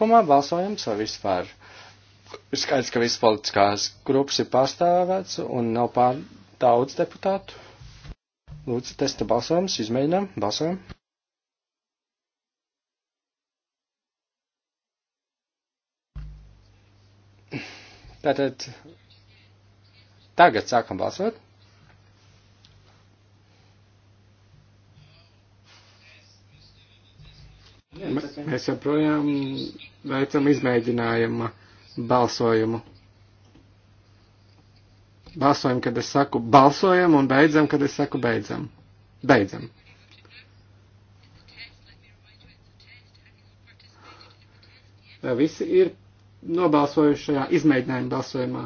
Kopumā balsojam par vispār. Ir skaidrs, ka visas politiskās grupas ir pārstāvēts un nav pār daudz deputātu. Lūdzu, testa balsojums, izmēģinām, balsojam. Tātad tagad sākam balsot. Mēs joprojām veicam izmēģinājuma balsojumu. Balsojam, kad es saku balsojam, un beidzam, kad es saku beidzam. Beidzam. Visi ir nobalsojuši šajā izmēģinājuma balsojumā.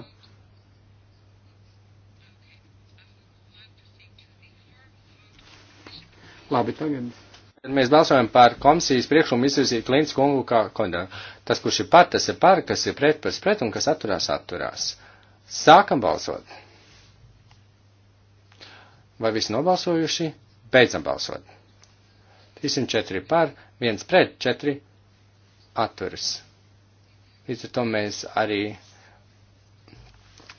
Labi, tagad mēs balsojam par komisijas priekšlikumu izvirzīt Lints kungu kā kondēlu. Tas, kurš ir par, tas ir par, kas ir pret, pret, pret un kas atturās, atturās. Sākam balsot. Vai visi nobalsojuši? Beidzam balsot. 304 par, 1 pret, 4 atturas. Līdz ar to mēs arī,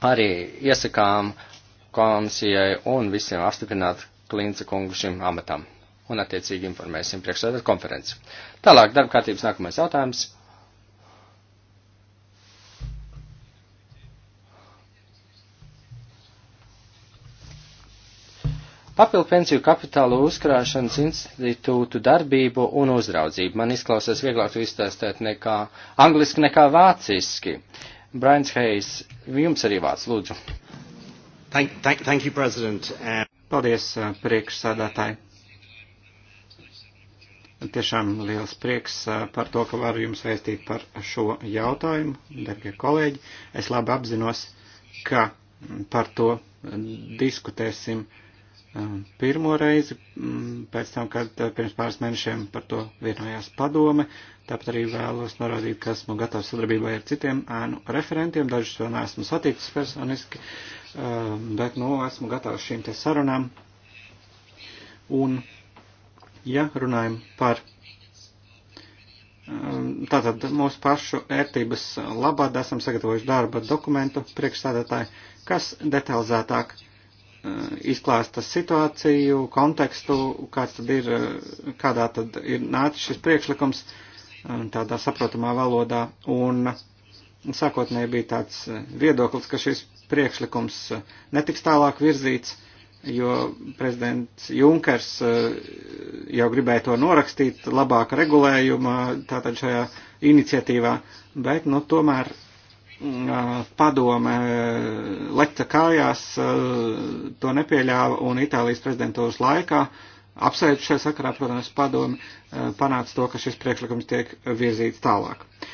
arī iesakām komisijai un visiem apstiprināt Klinca kungu šim amatam un attiecīgi informēsim priekšsēdētāju konferenci. Tālāk, darba kārtības nākamais jautājums. Papildu pensiju kapitālu uzkrāšanas institūtu darbību un uzraudzību. Man izklausās vieglāk to izstāstīt nekā angliski, nekā vāciski. Brains Hayes, jums arī vārds, lūdzu. Thank, thank, thank you, President. Um, Paldies, uh, priekšsādātāji. Tiešām liels prieks par to, ka varu jums vēstīt par šo jautājumu, darbie kolēģi. Es labi apzinos, ka par to diskutēsim pirmo reizi, pēc tam, kad pirms pāris mēnešiem par to vienojās padome. Tāpat arī vēlos norādīt, ka esmu gatavs sadarbībai ar citiem ēnu referentiem. Dažus vēl neesmu saticis personiski, bet, nu, esmu gatavs šīm te sarunām. Un ja runājam par um, Tātad mūsu pašu ērtības labad esam sagatavojuši darba dokumentu priekšstādātāji, kas detalizētāk uh, izklāsta situāciju, kontekstu, kāds tad ir, uh, kādā tad ir nācis šis priekšlikums uh, tādā saprotamā valodā. Un sākotnēji bija tāds viedoklis, ka šis priekšlikums netiks tālāk virzīts jo prezidents Junkers eh, jau gribēja to norakstīt labāka regulējuma tātad šajā iniciatīvā, bet nu tomēr mm, eh, padome eh, lekta kājās to nepieļāva un Itālijas prezidentūras laikā apsveicu šajā sakarā, protams, padomi panāca to, ka šis priekšlikums tiek virzīts tālāk. Uh,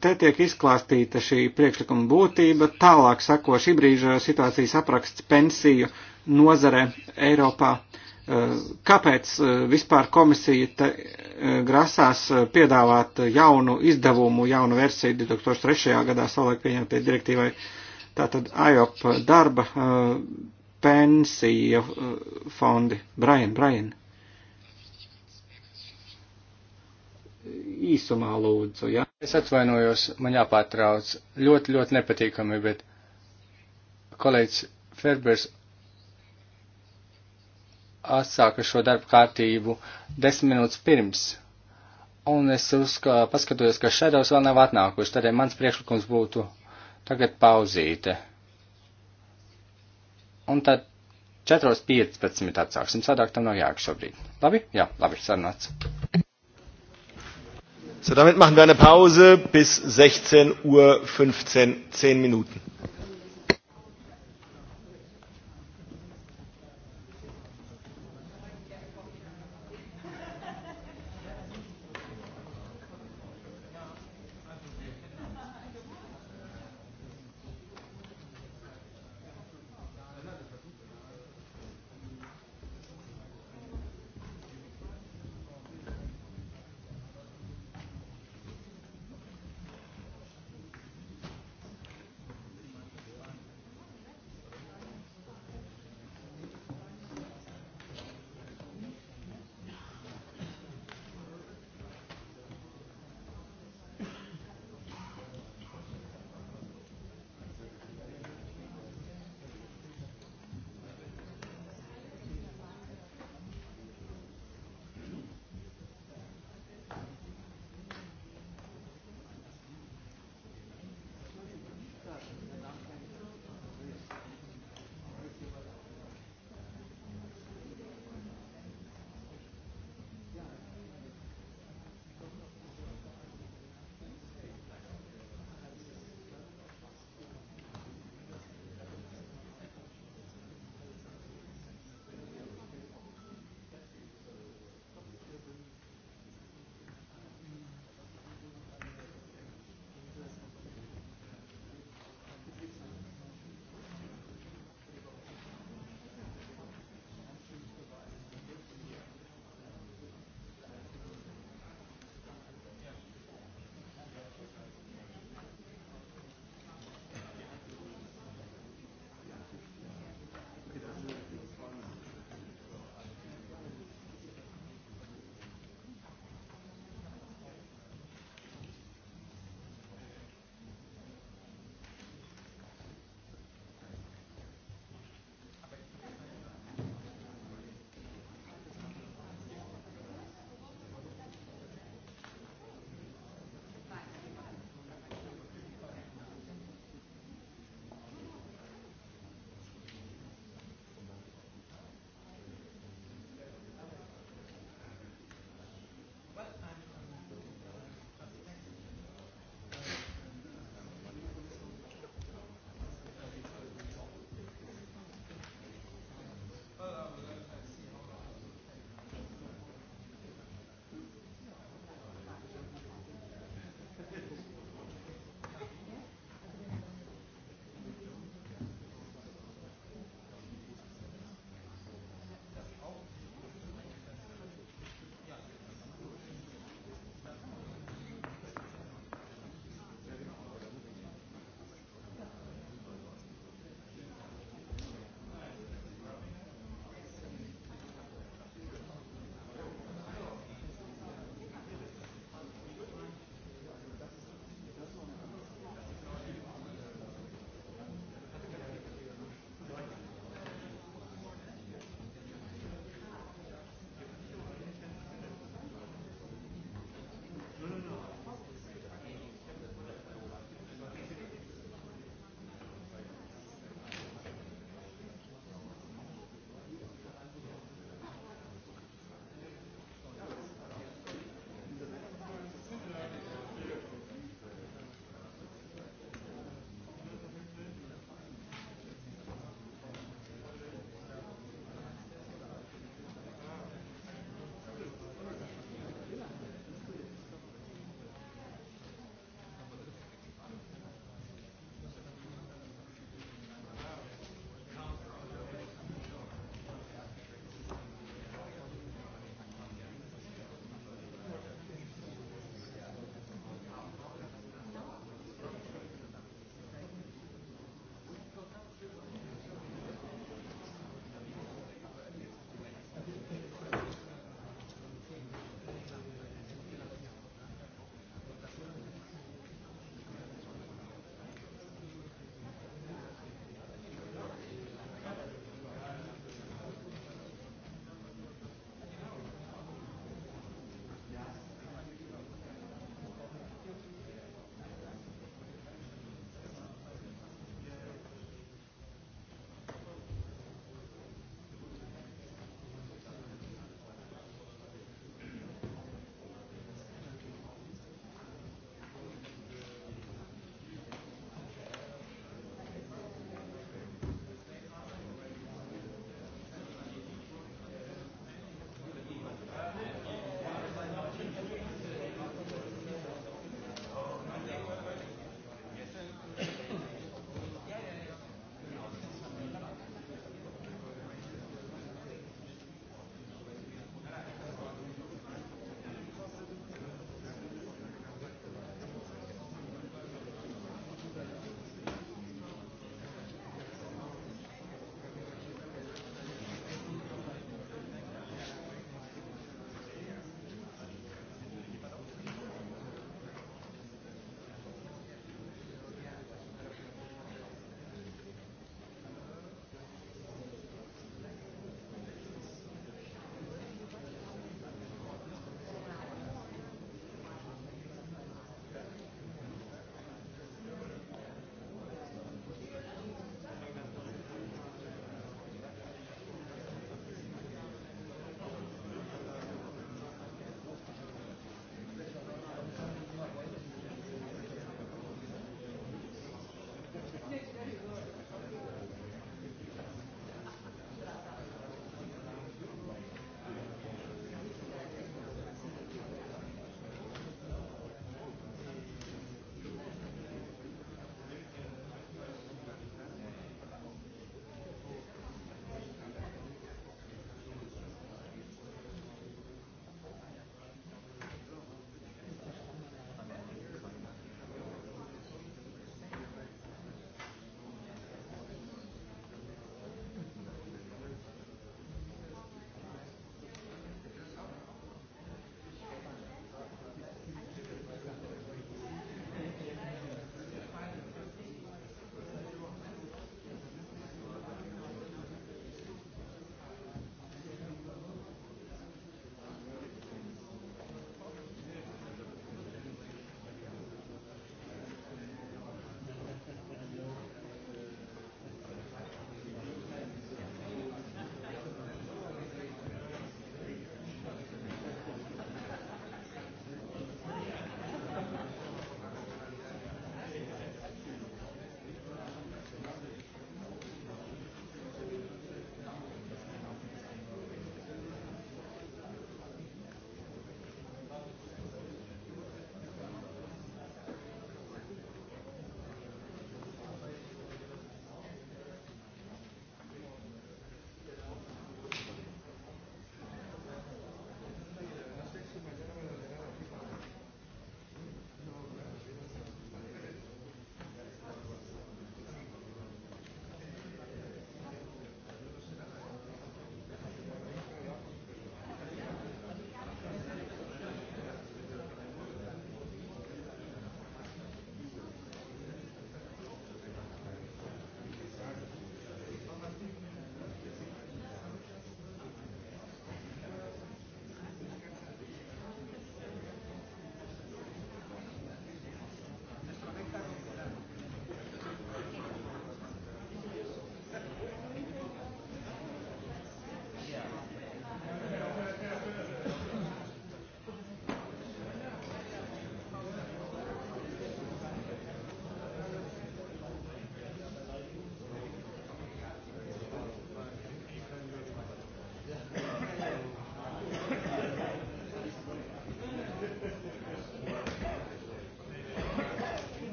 te tiek izklāstīta šī priekšlikuma būtība, tālāk sako šī brīža situācijas apraksts pensiju nozare Eiropā. Eh, kāpēc eh, vispār komisija te, eh, grasās piedāvāt jaunu izdevumu, jaunu versiju 2003. gadā savulaik pieņemtai direktīvai? Tātad AJOP darba pensija fondi. Brian, Brian. īsumā lūdzu, jā. Ja? Es atvainojos, man jāpārtrauc. Ļoti, ļoti nepatīkami, bet kolēģis Ferbers atsāka šo darbu kārtību desmit minūtes pirms. Un es uzskā, paskatījos, ka šādos vēl nav atnākuši, tad mans priekšlikums būtu tagad pauzīte. Un tad 4.15 atsāksim, sadāk tam nav jāk šobrīd. Labi? Jā, labi, sarunāts. So, damit machen wir eine Pause bis 16.15 Uhr, 10 Minuten.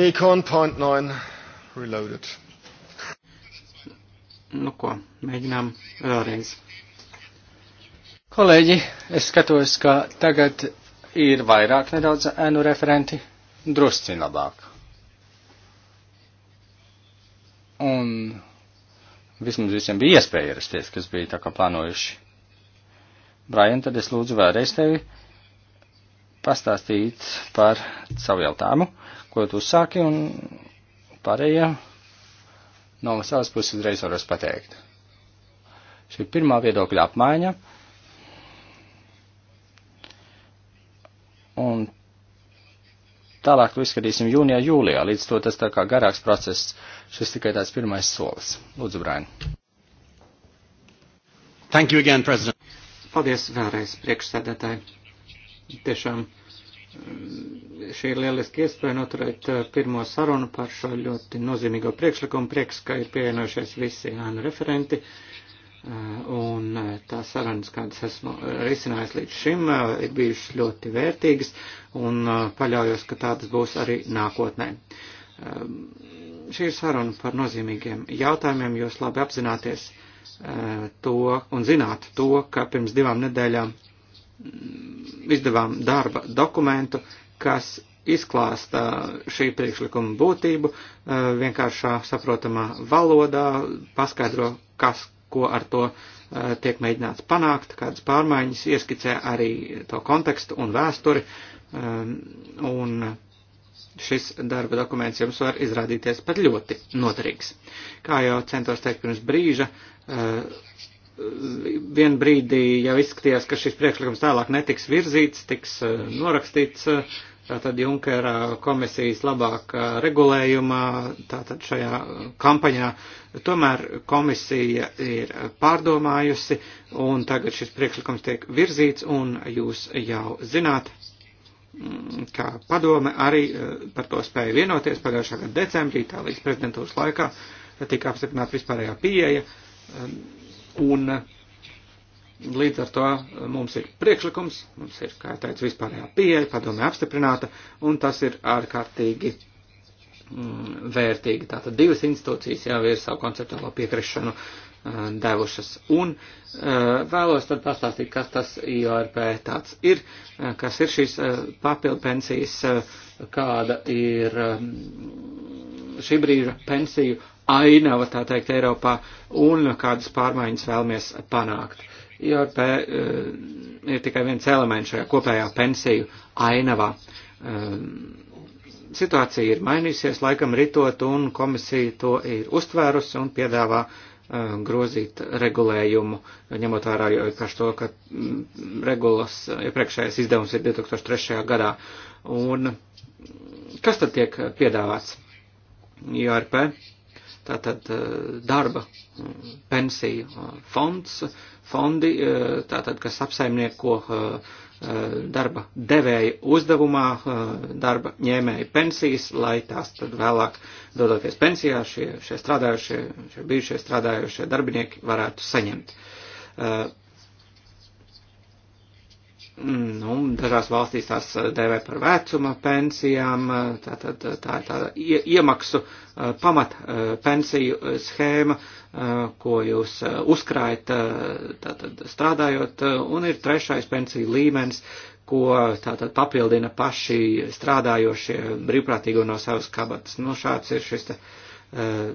Econ point nine reloaded. Nu ko, mēģinām vēlreiz. Kolēģi, es skatos, ka tagad ir vairāk nedaudz ēnu referenti, drusciņ labāk. Un vismaz visiem bija iespēja ierasties, kas bija tā kā plānojuši. Brian, tad es lūdzu vēlreiz tevi pastāstīt par savu jautājumu, ko tu sāki, un pārējie no savas puses uzreiz varu pateikt. Šī pirmā viedokļa apmaiņa. Un tālāk to izskatīsim jūnijā, jūlijā, līdz to tas tā kā garāks process. Šis tikai tāds pirmais solis. Lūdzu, Brain. Thank you again, President. Paldies vēlreiz, priekšsēdētāji. Tiešām Šī ir lieliski iespēja noturēt uh, pirmo sarunu par šo ļoti nozīmīgo priekšlikumu. Prieks, ka ir pievienojušies visi ANU referenti. Uh, un uh, tās sarunas, kādas esmu risinājis līdz šim, ir bijušas ļoti vērtīgas un paļaujos, ka tādas būs arī nākotnē. Um, šī ir saruna par nozīmīgiem jautājumiem, jūs labi apzināties to un zināt to, ka pirms divām nedēļām izdevām darba dokumentu, kas izklāsta šī priekšlikuma būtību eh, vienkāršā saprotamā valodā, paskaidro, kas, ko ar to eh, tiek mēģināts panākt, kādas pārmaiņas, ieskicē arī to kontekstu un vēsturi. Eh, un šis darba dokuments jums var izrādīties pat ļoti noderīgs. Kā jau centos teikt pirms brīža, vien brīdī jau izskatījās, ka šis priekšlikums tālāk netiks virzīts, tiks eh, norakstīts eh, tātad Junkera komisijas labāk regulējumā, tātad šajā kampaņā. Tomēr komisija ir pārdomājusi un tagad šis priekšlikums tiek virzīts un jūs jau zināt, mm, kā padome arī eh, par to spēja vienoties pagājušā gada decembrī, tā līdz prezidentūras laikā tika apstiprināta vispārējā pieeja Un līdz ar to mums ir priekšlikums, mums ir, kā teicu, vispārējā pieeja, padomē apstiprināta, un tas ir ārkārtīgi mm, vērtīgi. Tātad divas institūcijas jau ir savu konceptuālo piekrišanu uh, devušas. Un uh, vēlos tad pastāstīt, kas tas IORP tāds ir, uh, kas ir šīs uh, papildu pensijas, uh, kāda ir. Um, šī brīža pensiju ainava, tā teikt, Eiropā un kādas pārmaiņas vēlamies panākt. Jo te eh, ir tikai viens elements šajā kopējā pensiju ainavā. Eh, situācija ir mainījusies, laikam ritot, un komisija to ir uztvērusi un piedāvā eh, grozīt regulējumu, ņemot vērā par to, ka mm, regulas iepriekšējais izdevums ir 2003. gadā. Un kas tad tiek piedāvāts? IRP tātad eh, darba mm, pensiju eh, fonds, fondi, eh, tātad, kas apsaimnieko darba devēja uzdevumā darba ņēmēja pensijas, lai tās tad vēlāk, dodoties pensijā, šie, šie strādājušie, šie bijušie strādājušie darbinieki varētu saņemt. Nu, dažās valstīs tās eh, dēvē par vecuma pensijām, eh, tā, tā, tā, tā ir tāda iemaksu eh, pamat pensiju schēma, ko jūs uzkrājat tātad, strādājot, un ir trešais pensiju līmenis, ko tātad papildina paši strādājošie brīvprātīgo no savas kabatas. Nu, šāds ir šis te. Uh, Eh,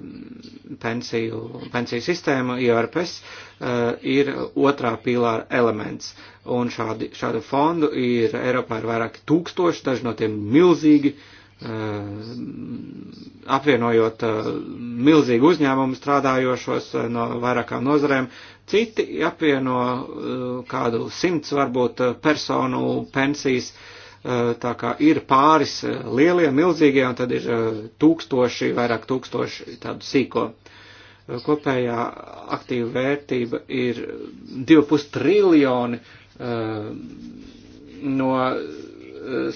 pensiju, pensiju sistēma, IRPS, eh, ir otrā pīlāra elements. Un šādi, šādu fondu ir Eiropā ir vairāki tūkstoši, daži no tiem milzīgi, eh, apvienojot milzīgu uzņēmumu strādājošos no vairākām nozarēm. Citi apvieno kādu simts varbūt personu pensijas Eh, tā kā ir pāris eh, lielie, milzīgie, un tad ir eh, tūkstoši, vairāk tūkstoši tādu sīko. Kopējā aktīva vērtība ir 2,5 triljoni no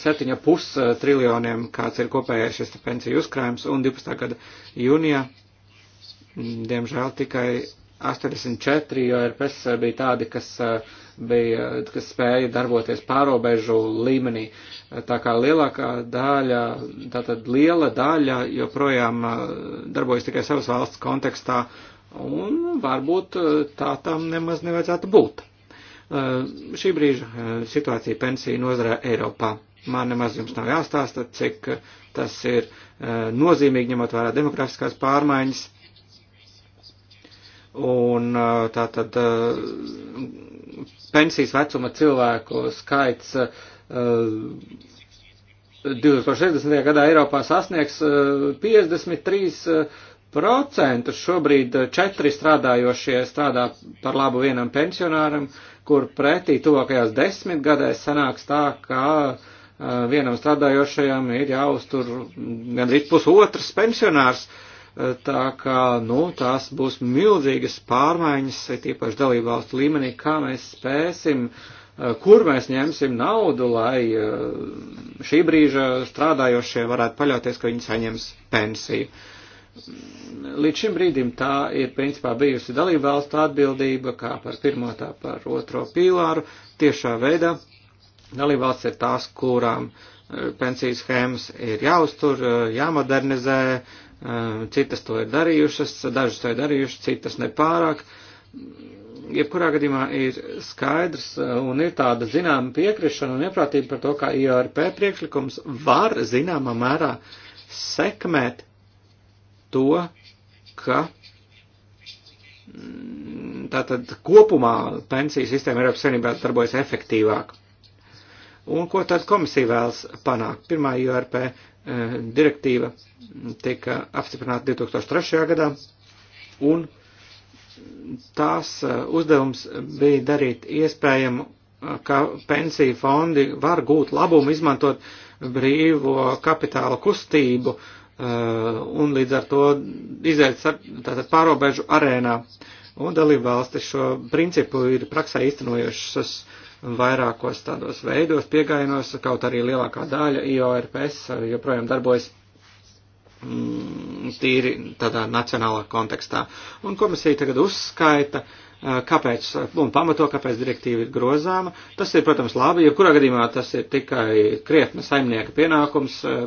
7,5 triljoniem, kāds ir kopējais šis pensiju uzkrājums, un 12. gada jūnijā, mm, diemžēl, tikai 84, jo RPS bija tādi, kas uh, bija, kas spēja darboties pārobežu līmenī. Tā kā lielākā daļa, tātad liela daļa joprojām uh, darbojas tikai savas valsts kontekstā, un varbūt uh, tā tam nemaz nevajadzētu būt. Uh, šī brīža situācija pensiju nozarē Eiropā. Man nemaz jums nav jāstāsta, cik tas ir nozīmīgi, ņemot vērā demografiskās pārmaiņas Un tātad pensijas vecuma cilvēku skaits 2060. gadā Eiropā sasniegs 53%. Šobrīd četri strādājošie strādā par labu vienam pensionāram, kur pretī tuvākajās desmitgadēs sanāks tā, ka vienam strādājošajam ir jāuztur gandrīz pusotrs pensionārs. Uh, Tā kā, nu, tās būs milzīgas pārmaiņas, e, tīpaši dalībvalstu līmenī, kā mēs spēsim, e, kur mēs ņemsim naudu, lai e, šī brīža strādājošie varētu paļauties, ka viņi saņems pensiju līdz šim brīdim tā ir principā bijusi dalība valstu atbildība, kā par pirmo, tā par otro pīlāru. Tiešā veidā dalība valsts ir tās, kurām pensiju schēmas ir jāuztur, jāmodernizē, citas to ir darījušas, dažas to ir darījušas, citas nepārāk. Jebkurā gadījumā ir skaidrs un ir tāda zināma piekrišana un ieprātība par to, ka IRP priekšlikums var zināmā mērā sekmēt to, ka mm, tātad kopumā pensiju sistēma Eiropas Savienībā darbojas efektīvāk. Un ko tad komisija vēlas panākt? Pirmā IRP eh, direktīva tika apstiprināta 2003. gadā, un tās eh, uzdevums bija darīt iespējamu, eh, ka pensiju fondi var gūt labumu, izmantot brīvo kapitāla kustību un līdz ar to iziet tātad pārobežu arēnā. Un dalību valstis šo principu ir praksē īstenojušas uh, vairākos tādos veidos, piegainos, kaut arī lielākā daļa IORPS joprojām darbojas mm, tīri tādā nacionālā kontekstā. Un komisija tagad uzskaita, eh, kāpēc, un pamato, kāpēc direktīva ir grozāma. Tas ir, protams, labi, jo kurā gadījumā tas ir tikai krietna saimnieka pienākums eh,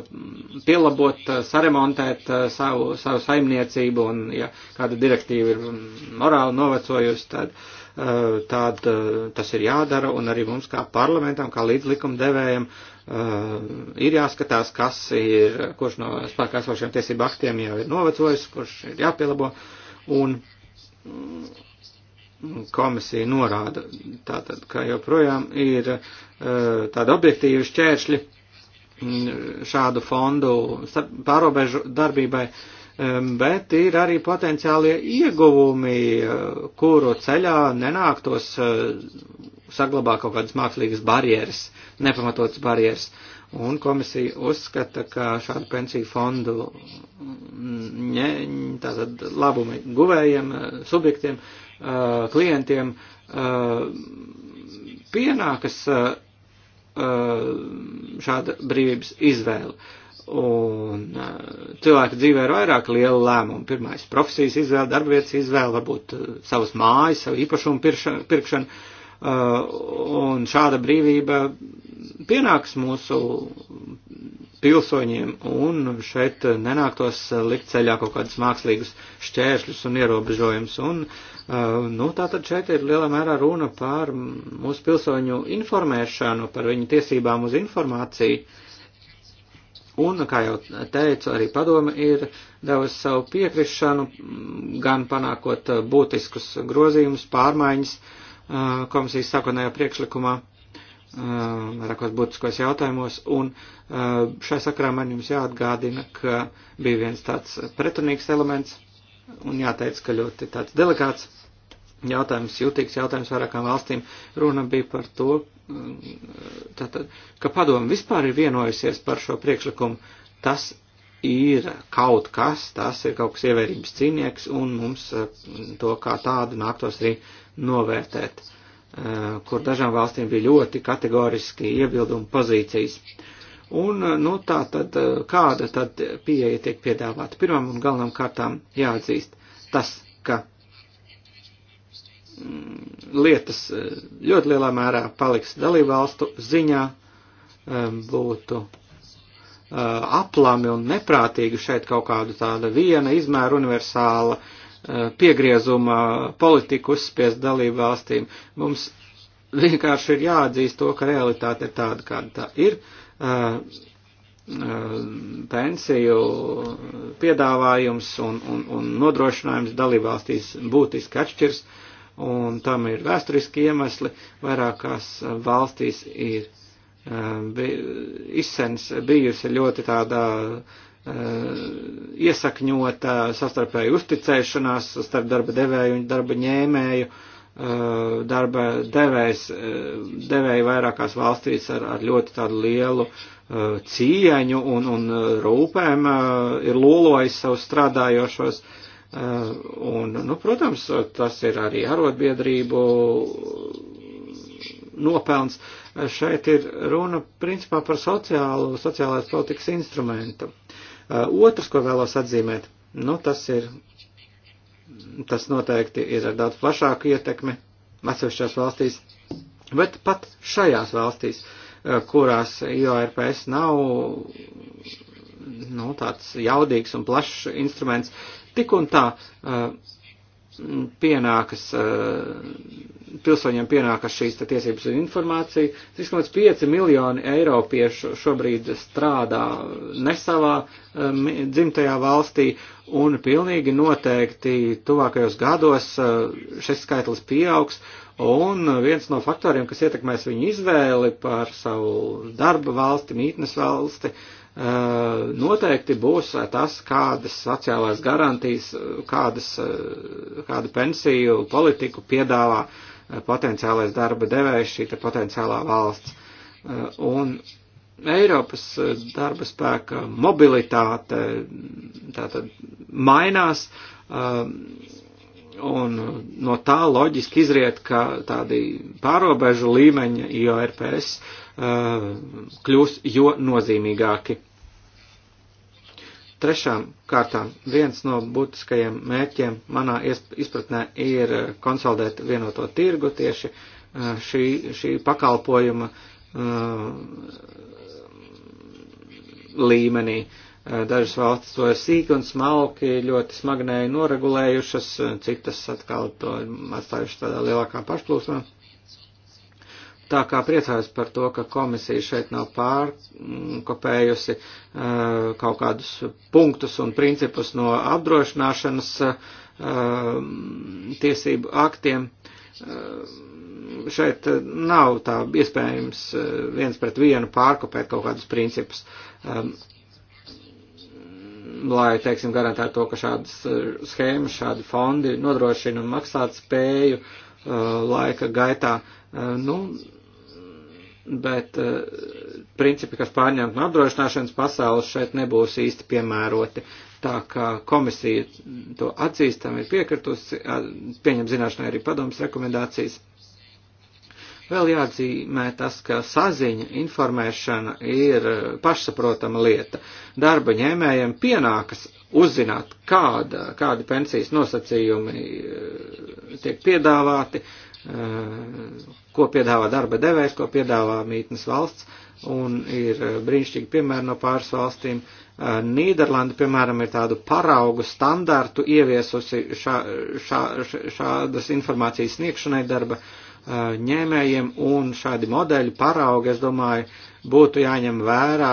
pielabot, eh, saremontēt savu, savu saimniecību, un ja kāda direktīva ir mm, morāli novecojusi, tad uh, Eh, tad eh, tas ir jādara, un arī mums kā parlamentam, kā līdzlikumdevējiem eh, ir jāskatās, kas ir, kurš no spēkā esošiem tiesību aktiem jau ir novecojis, kurš ir jāpielabo, un mm, komisija norāda, tātad, ka joprojām ir tādi objektīvi šķēršļi mm, šādu fondu pārobežu darbībai. Uh, bet ir arī potenciālie ieguvumi, eh, kuru ceļā nenāktos eh, saglabāt kaut kādas mākslīgas barjeras, nepamatotas barjeras. Un komisija uzskata, ka šādu pensiju fondu ne, mm, tātad labumi guvējiem, eh, subjektiem, klientiem pienākas šāda brīvības izvēle. Un cilvēka dzīvē ir vairāk liela lēmuma. Pirmais - profesijas izvēle, darbvietas izvēle, varbūt savas mājas, savu īpašumu pirkšana. pirkšana. Un šāda brīvība pienāks mūsu pilsoņiem, un šeit nenāktos likt ceļā kaut kādus mākslīgus šķēršļus un ierobežojumus. Un, nu, tātad šeit ir lielā mērā runa par mūsu pilsoņu informēšanu, par viņu tiesībām uz informāciju. Uh, Un, kā jau teicu, arī padome ir devusi savu piekrišanu, mm, gan panākot uh, būtiskus grozījumus, pārmaiņas uh, komisijas sākotnējā priekšlikumā, um, rakot būtiskos jautājumos, un uh, šai sakarā man jums jāatgādina, ka bija viens tāds pretrunīgs elements, un jāteic, ka ļoti tāds delikāts jautājums, jūtīgs jautājums vairākām valstīm. Runa bija par to, tātad, ka padomu vispār ir vienojusies par šo priekšlikumu, tas ir kaut kas, tas ir kaut kas ievērības cīnieks, un mums eh, to kā tādu nāktos arī novērtēt, eh, kur dažām valstīm bija ļoti kategoriski iebildumi pozīcijas. Un, eh, nu, tā tad, kāda tad pieeja tiek piedāvāta? Pirmam un galvenam kārtām jāatzīst tas, ka Mm, lietas e, ļoti lielā mērā paliks dalībvalstu ziņā, e, būtu e, aplami un neprātīgi šeit kaut kādu tāda viena izmēra universāla piegriezuma politiku uzspies dalībvalstīm. Mums vienkārši ir jāatzīst to, ka realitāte ir tāda, kāda tā ir. Pensiju piedāvājums un, un, un nodrošinājums dalībvalstīs būtiski atšķirs. Uh, un tam ir vēsturiski iemesli. Vairākās eh, valstīs ir eh, izsens bijusi ļoti tādā eh, iesakņota sastarpēju uzticēšanās starp darba devēju un darba ņēmēju. Darba devējs, devēja vairākās valstīs ar, ar ļoti tādu lielu cieņu un, un rūpēm ir lolojis savus strādājošos uh, Eh, un, nu, protams, tas ir arī arotbiedrību nopelns. Eh, šeit ir runa principā par sociālu, sociālās politikas instrumentu. Eh, otrs, ko vēlos atzīmēt, nu, tas ir, tas noteikti ir ar daudz plašāku ietekmi atsevišķās valstīs, bet pat šajās valstīs, kurās IORPS nav, nu, tāds jaudīgs un plašs instruments, tik un tā uh, pienākas, uh, pilsoņiem pienākas šīs tiesības un informācija. 3,5 miljoni eiropiešu šobrīd strādā ne savā um, dzimtajā valstī un pilnīgi noteikti tuvākajos gados uh, šis skaitlis pieaugs. Un viens no faktoriem, kas ietekmēs viņu izvēli par savu darba valsti, mītnes valsti, uh, Eh, noteikti būs eh, tas, kādas sociālās garantijas, eh, kādas, kādu pensiju politiku piedāvā potenciālais darba devējs, šī potenciālā valsts. Un Eiropas darba spēka mobilitāte mm, tātad mainās, un no tā loģiski izriet, ka tādi pārobežu līmeņa IORPS uh, Uh, kļūs jo nozīmīgāki. Trešām kārtām viens no būtiskajiem mērķiem manā izpratnē ir uh, konsolidēt vienoto tirgu tieši uh, šī, šī pakalpojuma līmenī. Dažas valstis to ir sīki un smalki, ļoti smagnēji noregulējušas, citas atkal to atstājušas tādā lielākā pašplūsmā. Tā kā priecājos par to, ka komisija šeit nav pārkopējusi eh, kaut kādus punktus un principus no apdrošināšanas eh, tiesību aktiem. Eh, šeit nav tā iespējams viens pret vienu pārkopēt kaut kādus principus, lai, teiksim, garantētu to, ka šādas schēmas, šādi fondi nodrošina maksāt spēju laika gaitā. Nu, bet eh, principi, kas pārņemti no apdrošināšanas pasaules, šeit nebūs īsti piemēroti. Tā kā komisija to atzīstam ir piekritusi, pieņem zināšanai arī padomas rekomendācijas. Vēl jāatzīmē tas, ka saziņa, informēšana ir eh, pašsaprotama lieta. Darba ņēmējiem pienākas uzzināt, kāda, kādi pensijas nosacījumi eh, tiek piedāvāti, Eh, ko piedāvā darba devējs, ko piedāvā mītnes valsts, un ir eh, brīnišķīgi piemēri no pāris valstīm. Eh, Nīderlanda, piemēram, ir tādu paraugu standartu ieviesusi šā, šā, šādas informācijas sniegšanai darba ņēmējiem, un šādi modeļi paraugi, es domāju, būtu jāņem vērā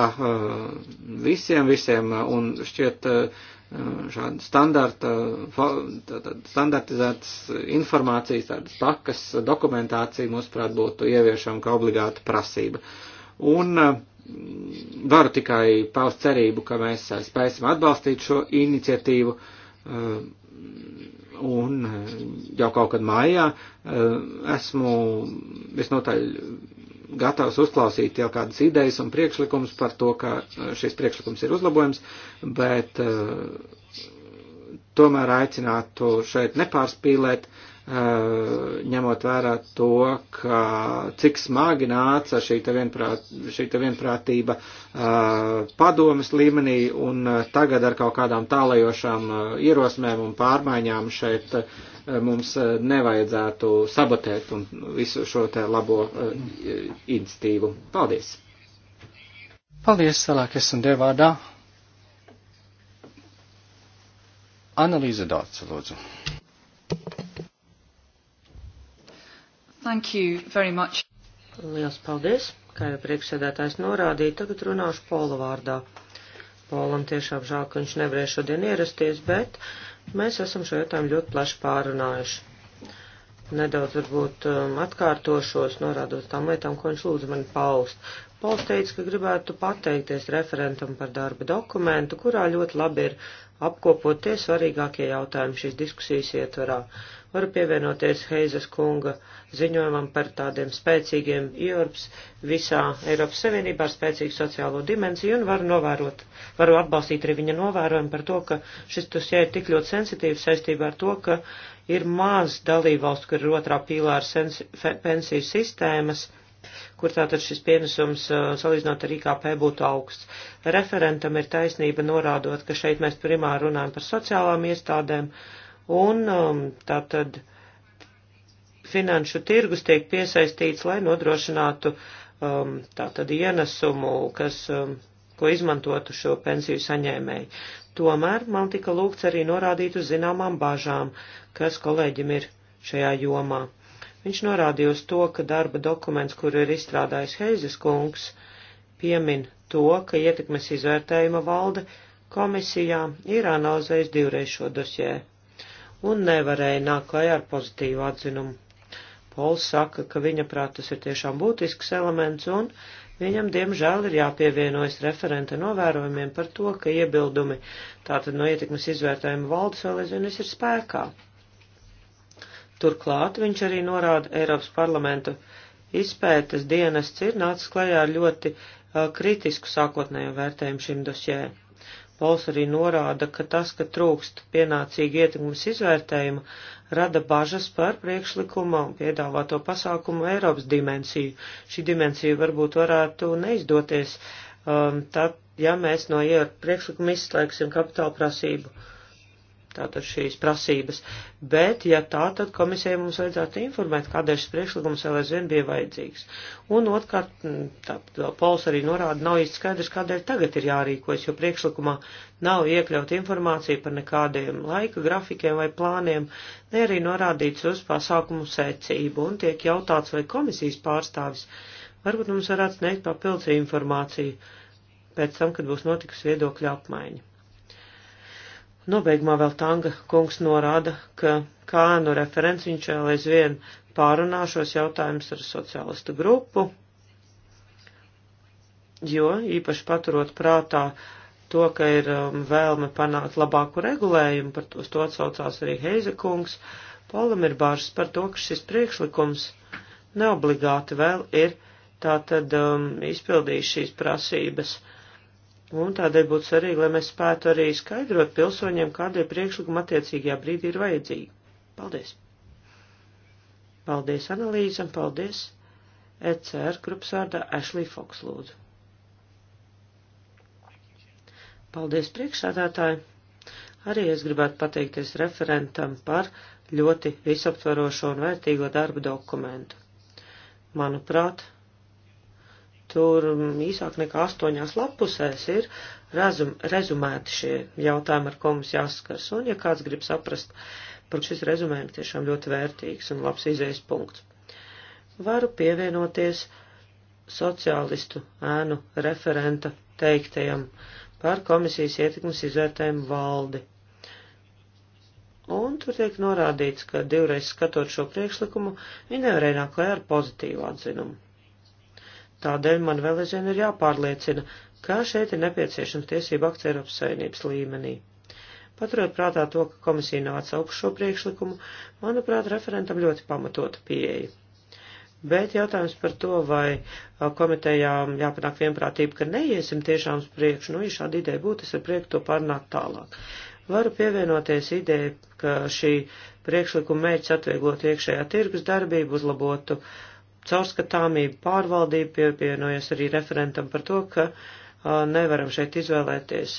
visiem, visiem, un šķiet, šāda standarta, standartizētas informācijas, tādas pakas dokumentācija, mūsuprāt, būtu ieviešama kā obligāta prasība. Un eh, varu tikai paust cerību, ka mēs eh, spēsim atbalstīt šo iniciatīvu. Eh, un jau kaut kad mājā esmu visnotaļ gatavs uzklausīt jau kādas idejas un priekšlikums par to, ka uh, šis priekšlikums ir uzlabojums, bet uh, tomēr aicinātu šeit nepārspīlēt uh, ņemot vērā to, ka cik smagi nāca šī vienprāt, šīta vienprātība padomas līmenī un tagad ar kaut kādām tālajošām ierosmēm un pārmaiņām šeit mums nevajadzētu sabotēt un visu šo te labo institīvu. Paldies! Paldies, Salākes un Devādā! Analīze daudz, lūdzu. Thank you very much. Liels paldies. Kā jau priekšsēdētājs norādīja, tagad runāšu Pola vārdā. Polam tiešām žēl, ka viņš nevarēja šodien ierasties, bet mēs esam šo jautājumu ļoti plaši pārunājuši. Nedaudz varbūt um, atkārtošos, norādot tām lietām, ko viņš lūdza mani paust. Pols teica, ka gribētu pateikties referentam par darba dokumentu, kurā ļoti labi ir apkopoties svarīgākie jautājumi šīs diskusijas ietvarā. Varu pievienoties Heizes kunga ziņojumam par tādiem spēcīgiem iorps visā Eiropas Savienībā ar spēcīgu sociālo dimensiju un varu novērot, varu atbalstīt arī viņa novērojumu par to, ka šis tusjē ir tik ļoti sensitīvs saistībā ar to, ka ir maz dalībvalstu, kur ir otrā pīlāra pensiju sistēmas kur tātad šis pienesums uh, salīdzinot ar IKP būtu augsts. Referentam ir taisnība norādot, ka šeit mēs primāri runājam par sociālām iestādēm, uh, un um, tātad finanšu tirgus tiek piesaistīts, lai nodrošinātu um, tātad ienesumu, kas, um, ko izmantotu šo pensiju saņēmēju. Tomēr man tika lūgts arī norādīt uz zināmām bāžām, kas kolēģim ir šajā jomā. Viņš norādīja uz to, ka darba dokuments, kuru ir izstrādājis Heizes kungs, piemin to, ka ietekmes izvērtējuma valde komisijā ir analizējis divreiz šo dosjē un nevarēja nākt klajā ar pozitīvu atzinumu. Pols saka, ka viņa prāt tas ir tiešām būtisks elements, un viņam, diemžēl, ir jāpievienojas referenta novērojumiem par to, ka iebildumi tātad no ietekmes izvērtējuma valdes vēl aizvien ir spēkā. Turklāt viņš arī norāda Eiropas parlamentu izpētes dienests ir nācis klajā ar ļoti uh, kritisku sākotnējo vērtējumu šim dosjē. Pols arī norāda, ka tas, ka trūkst pienācīgi ietekmes izvērtējuma, rada bažas par priekšlikuma un piedāvāto pasākumu Eiropas dimensiju. Šī dimensija varbūt varētu neizdoties, um, tad, ja mēs no priekšlikuma izslēgsim kapitāla prasību. Uh, tātad šīs prasības, bet, ja tā, tad komisijai mums vajadzētu informēt, kādēļ šis priekšlikums vēl aizvien bija vajadzīgs. Un otrkārt, tā, Pols arī norāda, nav īsti skaidrs, kādēļ tagad ir jārīkojas, jo priekšlikumā nav iekļaut informācija par nekādiem laika grafikiem vai plāniem, ne arī norādīts uz pasākumu secību, un tiek jautāts, vai komisijas pārstāvis varbūt mums varētu sniegt papildus informāciju pēc tam, kad būs notikusi viedokļa apmaiņa. Nobeigumā vēl Tanga kungs norāda, ka kā nu referents viņš vēl aizvien pārunā šos jautājumus ar sociālistu grupu, jo īpaši paturot prātā to, ka ir um, vēlme panākt labāku regulējumu, par to, to atsaucās arī Heize kungs, Polam ir bāžas par to, ka šis priekšlikums neobligāti vēl ir tātad um, izpildījis šīs prasības. Uh, Un tādēļ būtu svarīgi, lai mēs spētu arī skaidrot pilsoņiem, kādai priekšlikuma attiecīgajā brīdī ir vajadzīga. Paldies! Paldies analīzam, paldies! ECR grupas vārdā Ashley Fox lūdzu. Paldies priekšsādātāji! Arī es gribētu pateikties referentam par ļoti visaptvarošo un vērtīgo darbu dokumentu. Manuprāt, Tur īsāk nekā astoņās lapusēs ir rezum, rezumēti šie jautājumi, ar ko mums jāskars. Un, ja kāds grib saprast, par šis rezumējums tiešām ļoti vērtīgs un labs izējas punkts. Varu pievienoties sociālistu ēnu referenta teiktajam par komisijas ietekmes izvērtējumu valdi. Un tur tiek norādīts, ka divreiz skatot šo priekšlikumu, viņi nevarēja nākt klajā ar pozitīvu atzinumu. Tādēļ man vēl aizvien ir jāpārliecina, ka šeit ir nepieciešams tiesība akts Eiropas Savienības līmenī. Paturot prātā to, ka komisija nav atsaukuši šo priekšlikumu, manuprāt, referentam ļoti pamatota pieeja. Bet jautājums par to, vai komitejām jāpanāk vienprātība, ka neiesim tiešām uz priekšu, nu, ja šāda ideja būtu, es ar prieku to pārnāk tālāk. Varu pievienoties ideja, ka šī priekšlikuma mērķis atvieglot iekšējā tirgus darbību, uzlabotu uh, caurskatāmību, pārvaldību, pievienojies arī referentam par to, ka uh, nevaram šeit izvēlēties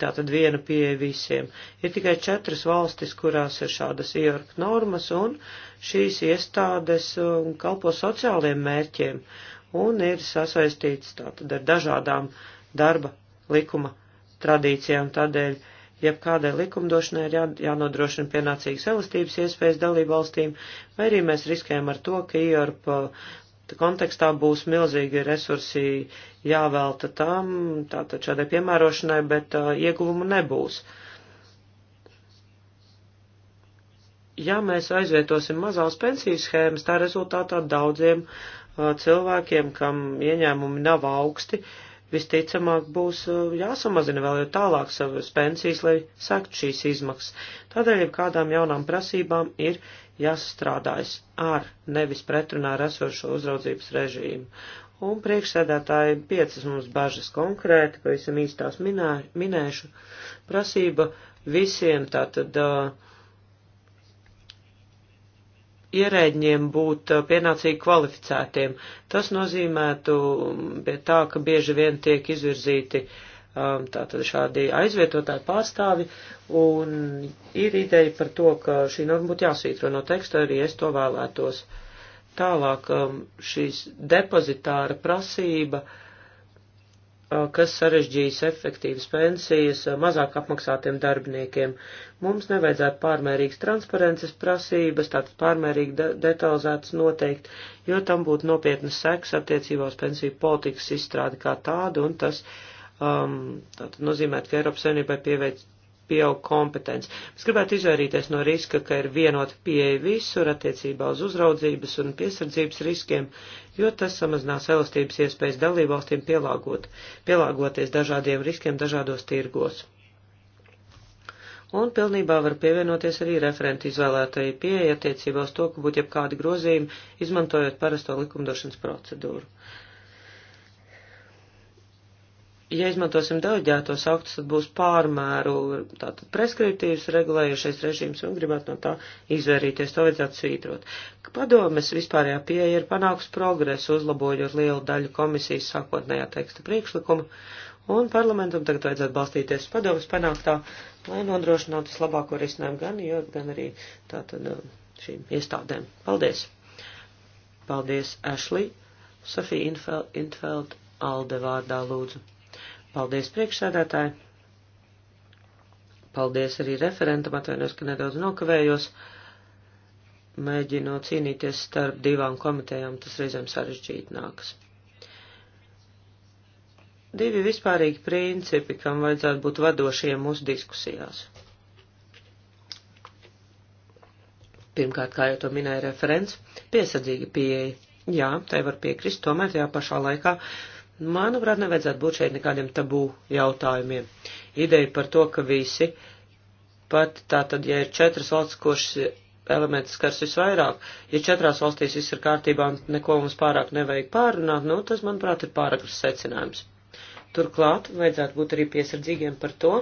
tātad viena pieeja visiem. Ir tikai četras valstis, kurās ir šādas IORK normas, un šīs iestādes kalpo sociāliem mērķiem un ir sasaistītas tātad ar dažādām darba likuma tradīcijām. Tādēļ jeb kādai likumdošanai ir jā, jānodrošina pienācīgas elastības iespējas dalību valstīm, vai arī mēs riskējam ar to, ka IORP uh, kontekstā būs milzīgi resursi jāvelta tam, tātad šādai piemērošanai, bet uh, ieguvumu nebūs. Ja mēs aizvietosim mazās pensijas schēmas, tā rezultātā daudziem uh, cilvēkiem, kam ieņēmumi nav augsti, uh, visticamāk būs eh, jāsamazina vēl jau tālāk savas pensijas, lai sektu šīs izmaksas. Tādēļ jau kādām jaunām prasībām ir jāsastrādājas ar nevis pretrunā ar esošo uzraudzības režīmu. Un priekšsēdētāji piecas mums bažas konkrēti, pavisam īstās minē, minēšu, prasība visiem tātad. Uh, ierēģiem būt uh, pienācīgi kvalificētiem. Tas nozīmētu um, pie tā, ka bieži vien tiek izvirzīti um, tātad šādi aizvietotāji pārstāvi, un ir ideja par to, ka šī norma būtu jāsvītro no teksta, arī es to vēlētos. Tālāk um, šīs depozitāra prasība uh, kas sarežģīs efektīvas pensijas mazāk apmaksātiem darbiniekiem. Mums nevajadzētu pārmērīgas transparences prasības, tātad pārmērīgi de detalizētas noteikti, jo tam būtu nopietnas seks attiecībā uz pensiju politikas izstrādi kā tādu, un tas um, nozīmē, ka Eiropas Savienībai pieveic, pieaug kompetence. Mēs gribētu izvairīties no riska, ka ir vienota pieeja visur attiecībā uz uzraudzības un piesardzības riskiem, jo tas samazinās elastības iespējas dalībvalstīm pielāgot, pielāgoties dažādiem riskiem dažādos tirgos. Un pilnībā var pievienoties arī referenti izvēlētajai pieeja attiecībā uz to, ka būtu jebkādi grozījumi, izmantojot parasto likumdošanas procedūru. Uh, ja izmantosim deleģētos aktus, tad būs pārmēru tātad preskriptīvs regulējušais režīms un gribētu no tā izvairīties, to vajadzētu svītrot. Padomes vispārējā pieeja ir panāks progresu, uzlabojot lielu daļu komisijas sākotnējā teksta priekšlikuma, un parlamentam tagad vajadzētu balstīties padomes panāktā, lai nodrošinātu vislabāko risinājumu gan, jo, gan arī tātad um, šīm iestādēm. Paldies! Paldies, Ashley! Sofija Infeld, Infeld Alde vārdā lūdzu. Paldies priekšsēdētāji. Paldies arī referentam, atvainojos, ka nedaudz nokavējos. Mēģinot cīnīties starp divām komitejām, tas reizēm sarežģīti nākas. Divi vispārīgi principi, kam vajadzētu būt vadošiem mūsu diskusijās. Pirmkārt, kā jau to minēja referents, piesardzīga pieeja. Jā, tai var piekrist, tomēr tajā pašā laikā Manuprāt, nevajadzētu būt šeit nekādiem tabū jautājumiem. Ideja par to, ka visi, pat tā tad, ja ir četras valsts, kurš elements skars visvairāk, ja četrās valstīs viss ir kārtībā un neko mums pārāk nevajag pārrunāt, nu, tas, manuprāt, ir pāragrs secinājums. Turklāt vajadzētu būt arī piesardzīgiem par to,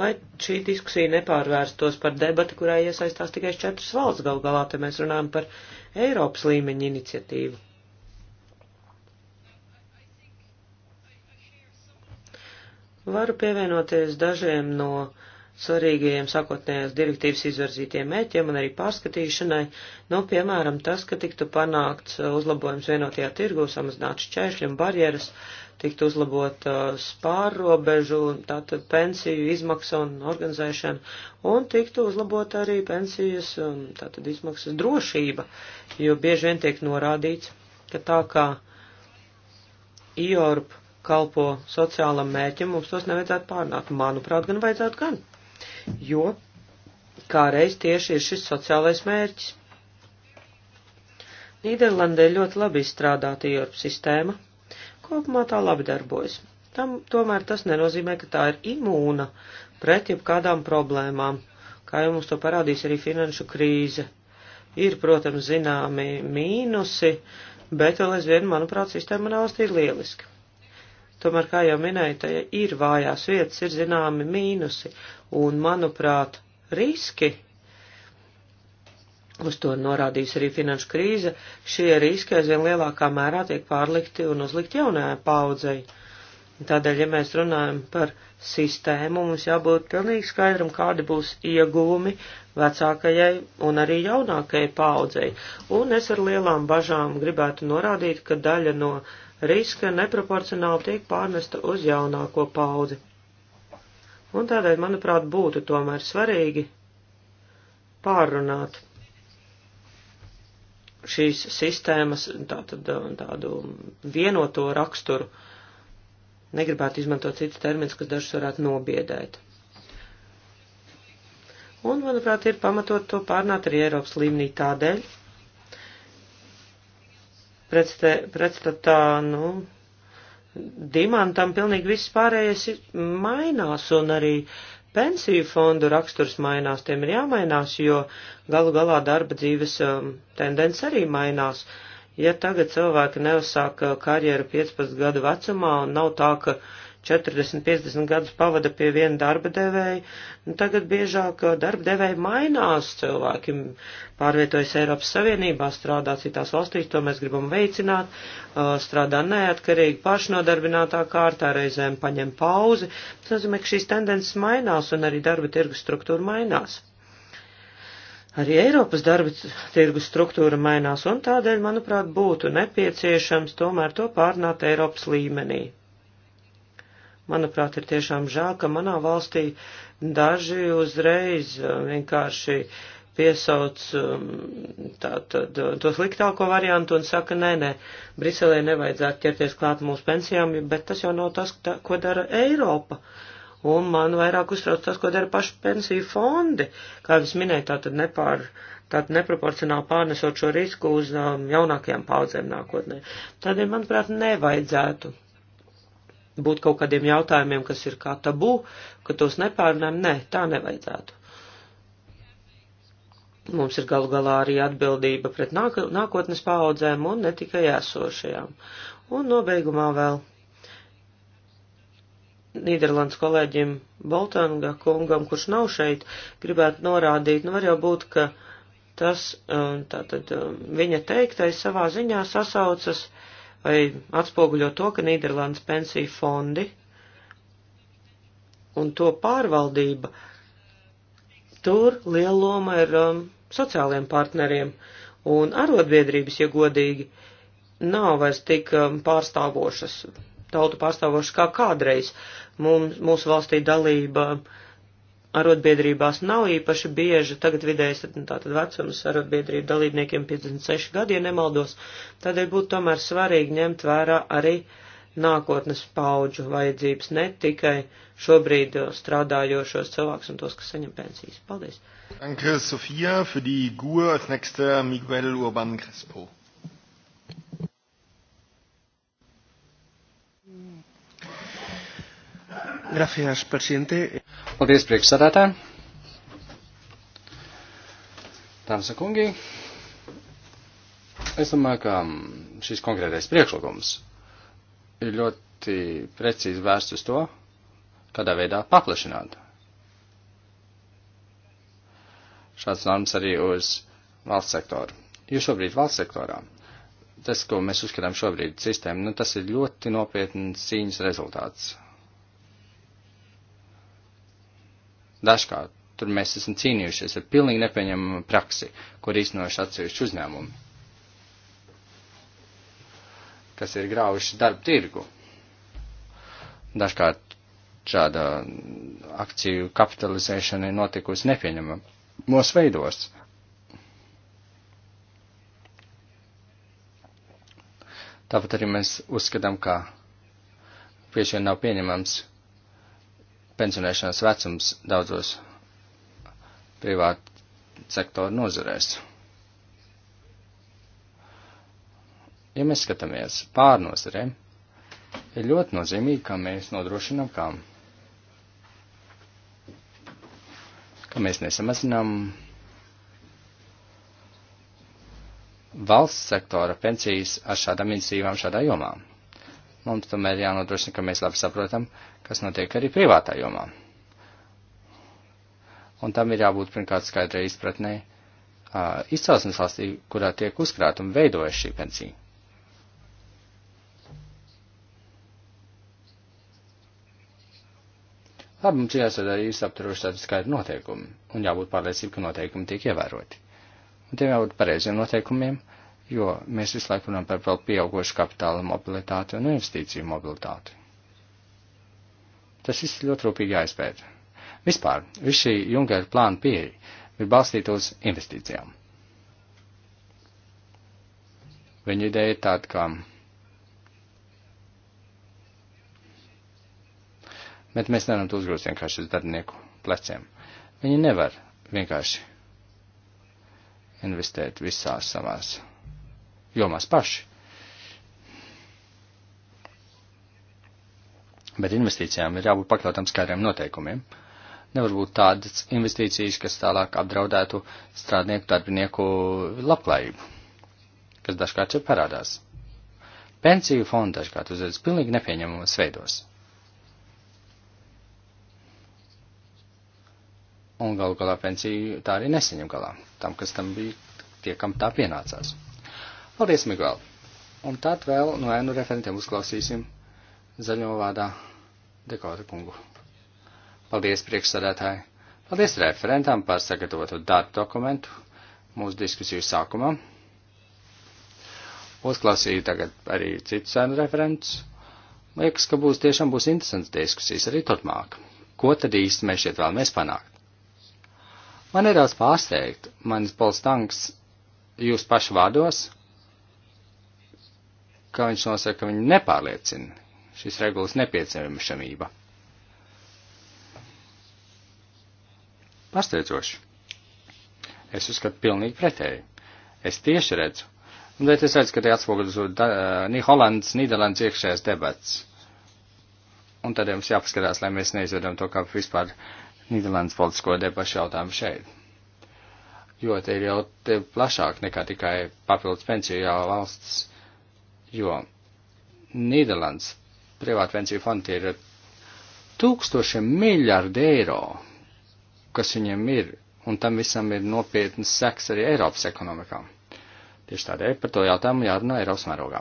lai šī diskusija nepārvērstos par debati, kurā iesaistās tikai četras valsts. Gal galā te mēs runājam par Eiropas līmeņa iniciatīvu. Varu pievienoties dažiem no svarīgajiem sakotnējās direktīvas izvirzītiem mēķiem un arī pārskatīšanai, nu, no, piemēram, tas, ka tiktu panākts uh, uzlabojums vienotajā tirgu, samazināt šķēršļi un barjeras, tiktu uzlabot uh, spārrobežu, tātad pensiju izmaksu un organizēšanu, un tiktu uzlabot arī pensijas, um, tātad izmaksas drošība, jo bieži vien tiek norādīts, ka tā kā IORP kalpo sociālam mēķim, mums tos nevajadzētu pārnāt. Manuprāt, gan vajadzētu gan. Jo kāreiz tieši ir šis sociālais mērķis. Nīderlandē ļoti labi izstrādāta IORP sistēma. Kopumā tā labi darbojas. Tam, tomēr tas nenozīmē, ka tā ir imūna pret jebkādām problēmām, kā jau mums to parādīs arī finanšu krīze. Ir, protams, zināmi mīnusi, bet vēl aizvien, manuprāt, sistēma manā valstī ir lieliska. Tomēr, kā jau minēju, ir vājās vietas, ir zināmi mīnusi, un, manuprāt, riski, uz to norādījusi arī finanšu krīze, šie riski aizvien lielākā mērā tiek pārlikti un uzlikti jaunajai paudzei. Tādēļ, ja mēs runājam par sistēmu, mums jābūt pilnīgi skaidram, kādi būs ieguvumi vecākajai un arī jaunākajai paudzei. Un es ar lielām bažām gribētu norādīt, ka daļa no riska neproporcionāli tiek pārnesta uz jaunāko paudzi. Un tādēļ, manuprāt, būtu tomēr svarīgi pārrunāt šīs sistēmas tātad, tādu vienoto raksturu uh, negribētu izmantot citus terminus, kas dažus varētu nobiedēt. Un, manuprāt, ir pamatot to pārnāt arī Eiropas līmenī tādēļ, pretstatā, nu, dimantam pilnīgi viss pārējais mainās un arī pensiju fondu raksturs mainās, tiem ir jāmainās, jo galu galā darba dzīves um, tendence arī mainās. Uh, Ja tagad cilvēki neuzsāk uh, karjeru 15 gadu vecumā un nav tā, ka 40, 50 gadus pavada pie viena darba devēja, nu tagad biežāk uh, darba devēja mainās, cilvēki pārvietojas Eiropas Savienībā, strādā citās valstīs, to mēs gribam veicināt, uh, strādā neatkarīgi pašnodarbinātā kārtā, reizēm paņem pauzi. Tas nozīmē, ka šīs tendences mainās un arī darba tirgus struktūra mainās. Arī Eiropas darba tirgus struktūra mainās, un tādēļ, manuprāt, būtu nepieciešams tomēr to pārnāt Eiropas līmenī. Manuprāt, ir tiešām žēl, ka manā valstī daži uzreiz uh, vienkārši piesauc um, tātad uh, to sliktāko variantu un saka, nē, nē, Briselē nevajadzētu ķerties klāt mūsu pensijām, bet tas jau nav tas, tā, ko dara Eiropa. Uh, un man vairāk uztrauc tas, ko dara paši pensiju fondi, kā jau es minēju, tātad nepār, tātad neproporcionāli pārnesot šo risku uz um, jaunākajām paudzēm nākotnē. Tādēļ, manuprāt, nevajadzētu būt kaut kādiem jautājumiem, kas ir kā tabū, ka tos nepārunājam. Nē, tā nevajadzētu. Mums ir galu galā arī atbildība pret nāk nākotnes paudzēm un ne tikai esošajām. Un nobeigumā vēl Nīderlandes kolēģim Boltanga kungam, kurš nav šeit, gribētu norādīt, nu var jau būt, ka tas, um, tātad um, viņa teiktais savā ziņā sasaucas vai atspoguļo to, ka Nīderlandes pensiju fondi un to pārvaldība, tur liela loma ir um, sociāliem partneriem un arotbiedrības, ja godīgi, nav vairs tik um, pārstāvošas, tautu pārstāvošas kā kādreiz. Mums, mūsu valstī dalība arotbiedrībās nav īpaši bieža, tagad vidējais tātad nu, vecums arotbiedrību dalībniekiem 56 gadi, ja nemaldos, tādēļ būtu tomēr svarīgi ņemt vērā arī nākotnes paudžu vajadzības, ne tikai šobrīd strādājošos cilvēkus un tos, kas saņem pensijas. Paldies! Danke, Sofija, für die GUE, als nächster Miguel Urban Crespo. Grafijas, presidente. Paldies, priekšsādātāji. Dāmas un kungi, es domāju, ka šis konkrētais priekšlikums ir ļoti precīzi vērsts uz to, kādā veidā paplašināt šāds normas arī uz valsts sektoru. Jo šobrīd valsts sektorā tas, ko mēs uzskatām šobrīd sistēmu, nu, tas ir ļoti nopietns cīņas rezultāts. Dažkārt tur mēs esam cīnījušies ar pilnīgi nepieņemamu praksi, kur īstenojuši atsevišķi uzņēmumi, kas ir graujuši darba tirgu. Dažkārt šāda akciju kapitalizēšana ir notikusi nepieņemamos veidos. Tāpat arī mēs uzskatām, ka pieši vien nav pieņemams pensionēšanās vecums daudzos privātu sektoru nozarēs. Ja mēs skatāmies pārnozarēm, ir ļoti nozīmīgi, kā mēs nodrošinām, kā, ka mēs nesamazinām valsts sektora pensijas ar šādām iniciatīvām šādā jomā. Mums tomēr jānodrošina, ka mēs labi saprotam, kas notiek arī privātā jomā. Un tam ir jābūt pirmkārt skaidrai izpratnē uh, izcelsmes valstī, kurā tiek uzkrāta un veidojas šī pensija. Labi, mums jāsaka arī izapturoši tādi skaidri noteikumi, un jābūt pārliecība, ka noteikumi tiek ievēroti. Un tiem jābūt pareiziem noteikumiem, jo mēs visu laiku runājam par vēl pieaugošu kapitāla mobilitāti un investīciju mobilitāti. Tas viss ļoti rūpīgi jāizpēta. Vispār, viss šī Junkera plāna pieeja ir balstīta uz investīcijām. Viņa ideja ir tāda, ka bet mēs nevaram to uzgrūst vienkārši uz darbinieku pleciem. Viņi nevar vienkārši investēt visās savās jomās paši. bet investīcijām ir jābūt pakļautām skaidriem noteikumiem. Nevar būt tādas investīcijas, kas tālāk apdraudētu strādnieku darbinieku labklājību, kas dažkārt jau parādās. Pensiju fonda dažkārt uzvedas pilnīgi nepieņemamos veidos. Un galu galā pensiju tā arī neseņem galā, tam, kas tam bija, tie, kam tā pienācās. Paldies, Miguel! Un tad vēl no ēnu referentiem uzklausīsim zaļo vārdā Dekota kungu. Paldies priekšsādātāji. Paldies referentam par sagatavotu datu dokumentu mūsu diskusiju sākumā. Uzklausīju tagad arī citu sēnu referents. Liekas, ka būs tiešām būs interesants diskusijas arī turpmāk. Ko tad īsti mēs šeit vēlamies panākt? Man nedaudz pārsteigt, manis polstanks jūs pašu vārdos, ka viņš nosaka, ka viņu nepārliecina, šis regulas nepieciešamība. Pārsteidzoši. Es uzskatu pilnīgi pretēji. Es tieši redzu, un bet es redzu, ka te atspoguļas uh, ni Holandas, Nīderlandes iekšējās debats. Un tad mums jāpaskatās, lai mēs neizvedam to kā vispār Nīderlandes politisko debašu jautājumu šeit jo te ir jau te plašāk nekā tikai papildus pensiju jau valsts, jo Nīderlands privāta pensiju fonda ir tūkstošiem miljardi eiro, kas viņiem ir, un tam visam ir nopietnas seks arī Eiropas ekonomikā. Tieši tādēļ par to jautājumu jārunā Eiropas mērogā.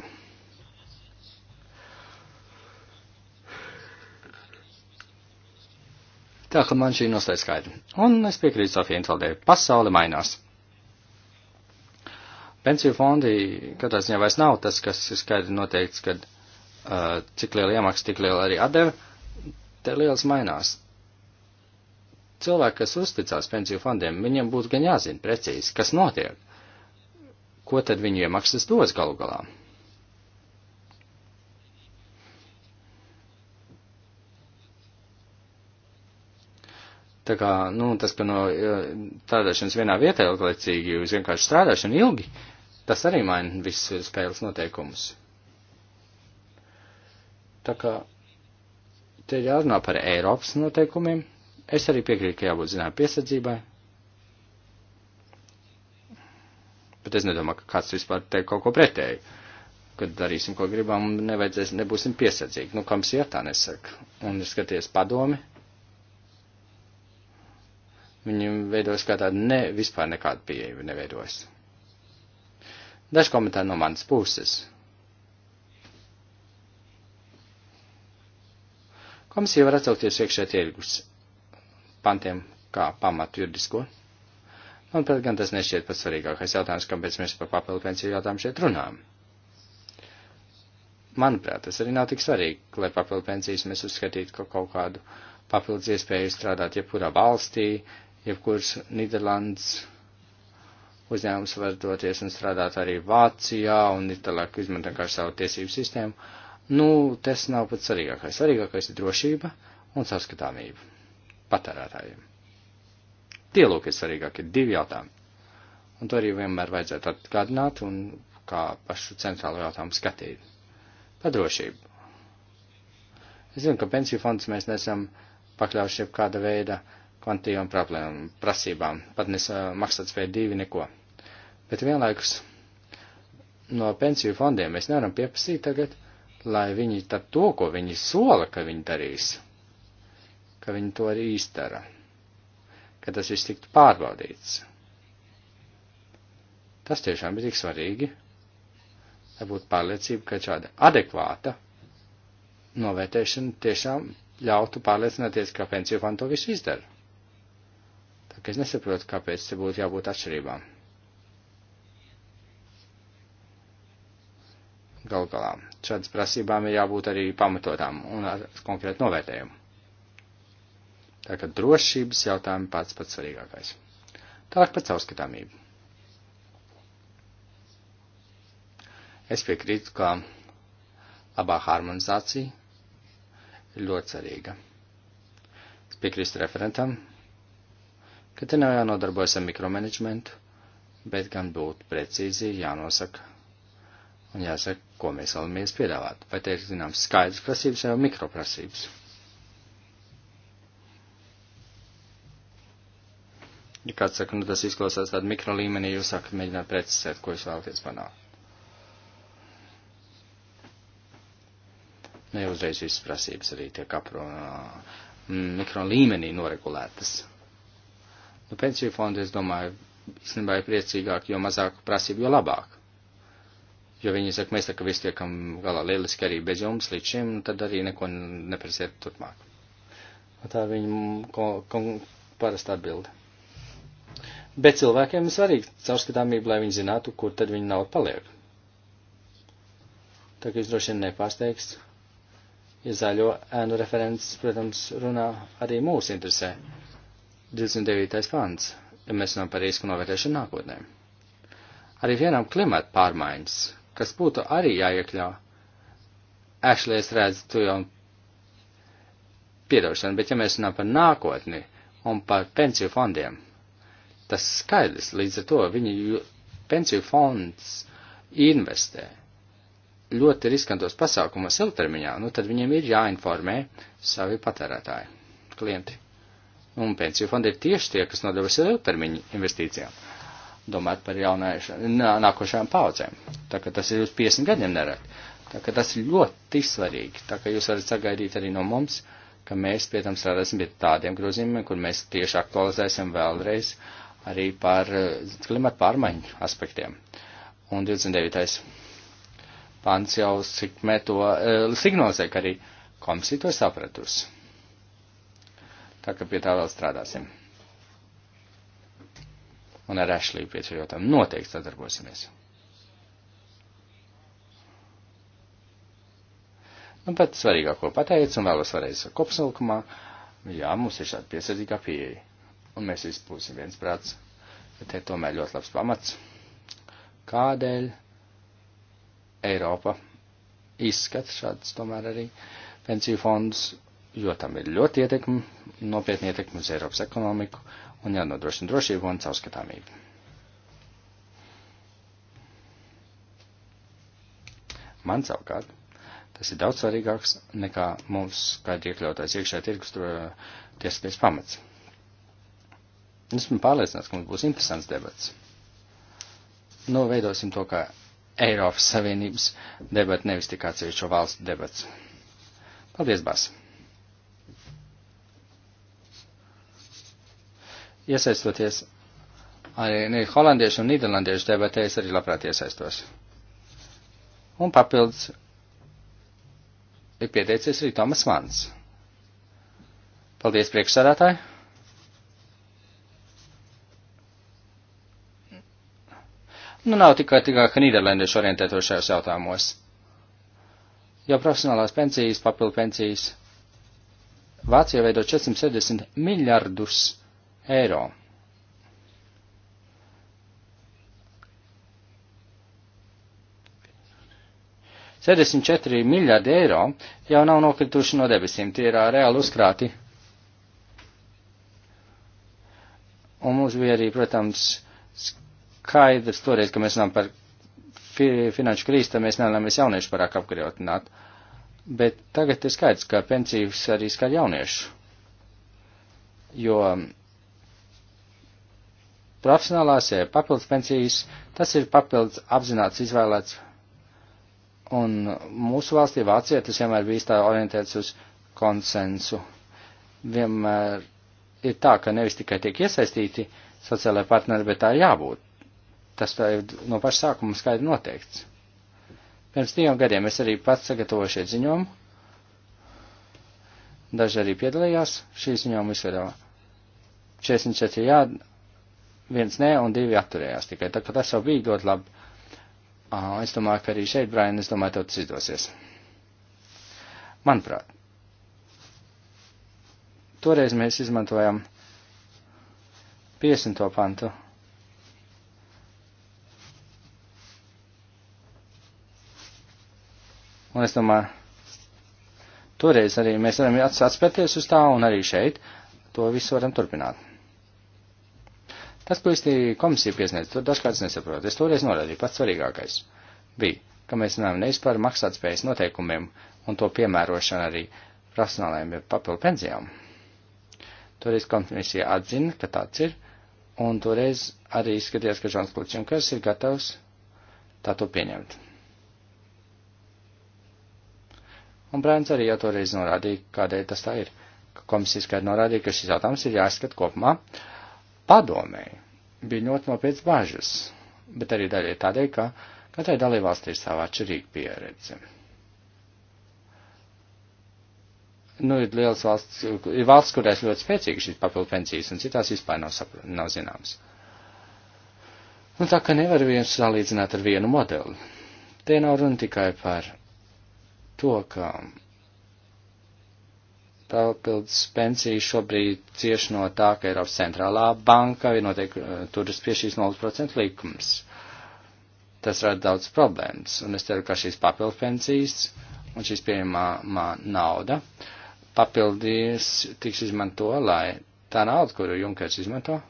Tā ka man šī nostāja skaidra. Un es piekrītu Sofija Intvaldē, pasaule mainās. Pensiju fondi, katrā ziņā vairs nav tas, kas ir skaidri noteikts, kad Eh, cik liela iemaksa, tik liela arī atdeve, te liels mainās. Cilvēki, kas uzticās pensiju fondiem, viņiem būtu gan jāzina precīzi, kas notiek, ko tad viņu iemaksas dos galu galā. Tā kā, nu, tas, ka no eh, strādāšanas vienā vietā ilglaicīgi uz vienkārši strādāšanu ilgi, tas arī maina visus spēles noteikumus. Tā kā te ir jārunā par Eiropas noteikumiem. Es arī piekrītu, ka jābūt zinām piesardzībai. Bet es nedomāju, ka kāds vispār te kaut ko pretēju. Kad darīsim, ko gribam, nevajadzēs, nebūsim piesardzīgi. Nu, kam sija tā nesaka? Un ir skaties padomi. Viņam veidojas kā tāda ne, vispār nekāda pieeja neveidojas. Dažs komentāri no manas puses. Komisija var atsaukties iekšē tirgus pantiem kā pamatu juridisko. Manuprāt, gan tas nešķiet pats svarīgākais jautājums, kāpēc mēs par papildu pensiju jautājumu šeit runājam. Manuprāt, tas arī nav tik svarīgi, lai papildu pensijas mēs uzskatītu kā kaut kādu papildus iespēju strādāt jebkurā valstī, jebkuras Nīderlandes uzņēmums var doties un strādāt arī Vācijā un itālāk izmantot kā savu tiesību sistēmu. Uh, Nu, tas nav pats svarīgākais. Svarīgākais ir drošība un sarskatāmība patērētājiem. Tie lūk ir svarīgākie divi jautājumi. Un to arī vienmēr vajadzētu atgādināt un kā pašu centrālo jautājumu skatīt. Par drošību. Es zinu, ka pensiju fonds mēs nesam pakļaujuši jau kāda veida kvantījumu problēmu, prasībām, pat nesamaksāt spēju divi neko. Bet vienlaikus no pensiju fondiem mēs nevaram pieprasīt tagad lai viņi tad to, ko viņi sola, ka viņi darīs, ka viņi to arī izdara, ka tas viss tiktu pārbaudīts. Tas tiešām ir tik svarīgi, lai būtu pārliecība, ka šāda adekvāta novērtēšana tiešām ļautu pārliecināties, ka pensiju fondu to visu izdara. Tā kā es nesaprotu, kāpēc te būtu jābūt atšķirībām. gal galā. Šādas prasībām ir jābūt arī pamatotām un ar konkrētu novērtējumu. Tā kā drošības jautājumi pats pats svarīgākais. Tālāk par caurskatāmību. Es piekrītu, ka labā harmonizācija ir ļoti svarīga. Es piekrītu referentam, ka te nav jānodarbojas ar mikromanagementu, bet gan būtu precīzi jānosaka Un jāsaka, ko mēs vēlamies piedāvāt. Vai te ir zināms skaidrs prasības vai mikroprasības? Ja kāds saka, nu tas izklausās tādā mikro līmenī, jūs sakat, mēģināt precisēt, ko jūs vēlaties panākt. Ne nu, uzreiz visas prasības arī tiek apro mikro līmenī noregulētas. Nu, pensiju fondu, es domāju, īstenībā ir priecīgāk, jo mazāk prasību, jo labāk. Jo viņi saka, mēs tā kā viss tiekam galā lieliski arī bez jums līdz šim, nu tad arī neko neprasiet turpmāk. Tā ir viņa parasta atbilde. Bet cilvēkiem ir svarīgi caurskatāmība, lai viņi zinātu, kur tad viņa nauda paliek. Tā kā jūs droši vien nepārsteigts, ja zaļo ēnu referents, protams, runā arī mūsu interesē. 29. pāns, ja mēs runājam par risku novērtēšanu nākotnē. Arī vienam klimata pārmaiņas kas būtu arī jāiekļauj. Actually, es redzu, tu jau piedošana, bet ja mēs runājam par nākotni un par pensiju fondiem, tas skaidrs, līdz ar to viņi pensiju fonds investē ļoti riskantos pasākumos ilgtermiņā, nu tad viņiem ir jāinformē savi patērētāji, klienti. Un pensiju fondi ir tieši tie, kas nodarbojas ar ilgtermiņu investīcijām domāt par nākošajām paudzēm. Tā kā tas ir uz 50 gadiem nerad. Tā kā tas ir ļoti svarīgi. Tā kā jūs varat sagaidīt arī no mums, ka mēs, protams, strādāsim pie tādiem grozījumiem, kur mēs tieši aktualizēsim vēlreiz arī par eh, klimatu pārmaiņu aspektiem. Un 29. pants jau sikmē to eh, signalizē, ka arī komisija to sapratusi. Tā kā pie tā vēl strādāsim un ar Ešlību pieceļotām noteikti sadarbosimies. Un nu, pat svarīgāko pateicu un vēlos vēlreiz kopsalkumā, jā, mums ir šāda piesardzīgā pieeja, un mēs visi būsim viensprāts, bet te tomēr ļoti labs pamats, kādēļ Eiropa izskata šāds tomēr arī pensiju fondus, jo tam ir ļoti ietekmi, nopietni ietekmi uz Eiropas ekonomiku un jānodrošina drošība un caurskatāmība. Man savukārt tas ir daudz svarīgāks nekā mums, kad iekļautais iekšē tirgus eh, tiesiskais pamats. Esmu pārliecināts, ka mums būs interesants debats. Nu, veidosim to, kā Eiropas Savienības debats, nevis tikai atsevišķo valstu debats. Paldies, Bāsa! iesaistoties arī ne, nu, holandiešu un nīderlandiešu debatēs, arī labprāt iesaistos. Un papildus ir pieteicies arī Tomas Mans. Paldies, priekšsādātāji! Nu, nav tikai, tikai ka nīderlandieši orientēto šajos jautājumos. Jo profesionālās pensijas, papildu pensijas, Vācija veido 470 miljardus eiro eiro. Sēdesmit četri miljardi eiro jau nav nokrituši no debesīm, tie ir reāli uzkrāti. Un mums bija arī, protams, skaidrs toreiz, ka mēs runājam par fi finanšu krīzi, tad mēs nevēlamies jauniešu parāk apgriotināt. Bet tagad ir skaidrs, ka pensijas arī skar jauniešu. Jo profesionālās, ja ir papildus pensijas, tas ir papildus apzināts izvēlēts. Un mūsu valstī Vācijā tas vienmēr bijis tā orientēts uz konsensu. Vienmēr ir tā, ka nevis tikai tiek iesaistīti sociālai partneri, bet tā ir jābūt. Tas tā ir no paša sākuma skaidri noteikts. Pirms diviem gadiem es arī pats sagatavoju šeit ziņojumu. Daži arī piedalījās šī ziņojuma izvedībā. 44 jā, viens nē un divi atturējās tikai. Tā kā tas jau bija ļoti labi. Uh, es domāju, ka arī šeit, Brian, es domāju, tev tas izdosies. Manuprāt, toreiz mēs izmantojam 50. pantu. Un es domāju, toreiz arī mēs varam atspēties uz tā un arī šeit to visu varam turpināt. Tas, ko īsti komisija piesniedz, to dažkārt nesaprot. Es toreiz norādīju, pats svarīgākais bija, ka mēs runājam nevis par maksātspējas noteikumiem un to piemērošanu arī profesionālajiem papildu pensijām. Toreiz komisija atzina, ka tāds ir, un toreiz arī izskatījās, ka Žons Klučinkas ir gatavs tā to pieņemt. Un Brēns arī jau toreiz norādīja, kādēļ tas tā ir. Komisija skaidri norādīja, ka šis jautājums ir jāizskat kopumā, uh, padomēji bija ļoti nopietnas bažas, bet arī daļai tādēļ, ka katrai dalībvalstī ir savā atšķirīga pieredze. Nu, ir liels valsts, ir valsts, kurās ļoti spēcīgi šīs papildu pensijas, un citās vispār nav, sapra, nav zināms. Nu, tā ka nevar viens salīdzināt ar vienu modeli. Te nav runa tikai par to, ka Papildus pensijas šobrīd cieš no tā, ka Eiropas centrālā banka eh, ir noteikti turas pie šīs 0% likums. Tas rada daudz problēmas, un es ceru, ka šīs papildus pensijas un šīs pieejamā nauda papildīs tiks izmanto, lai tā nauda, kuru Junkers izmanto,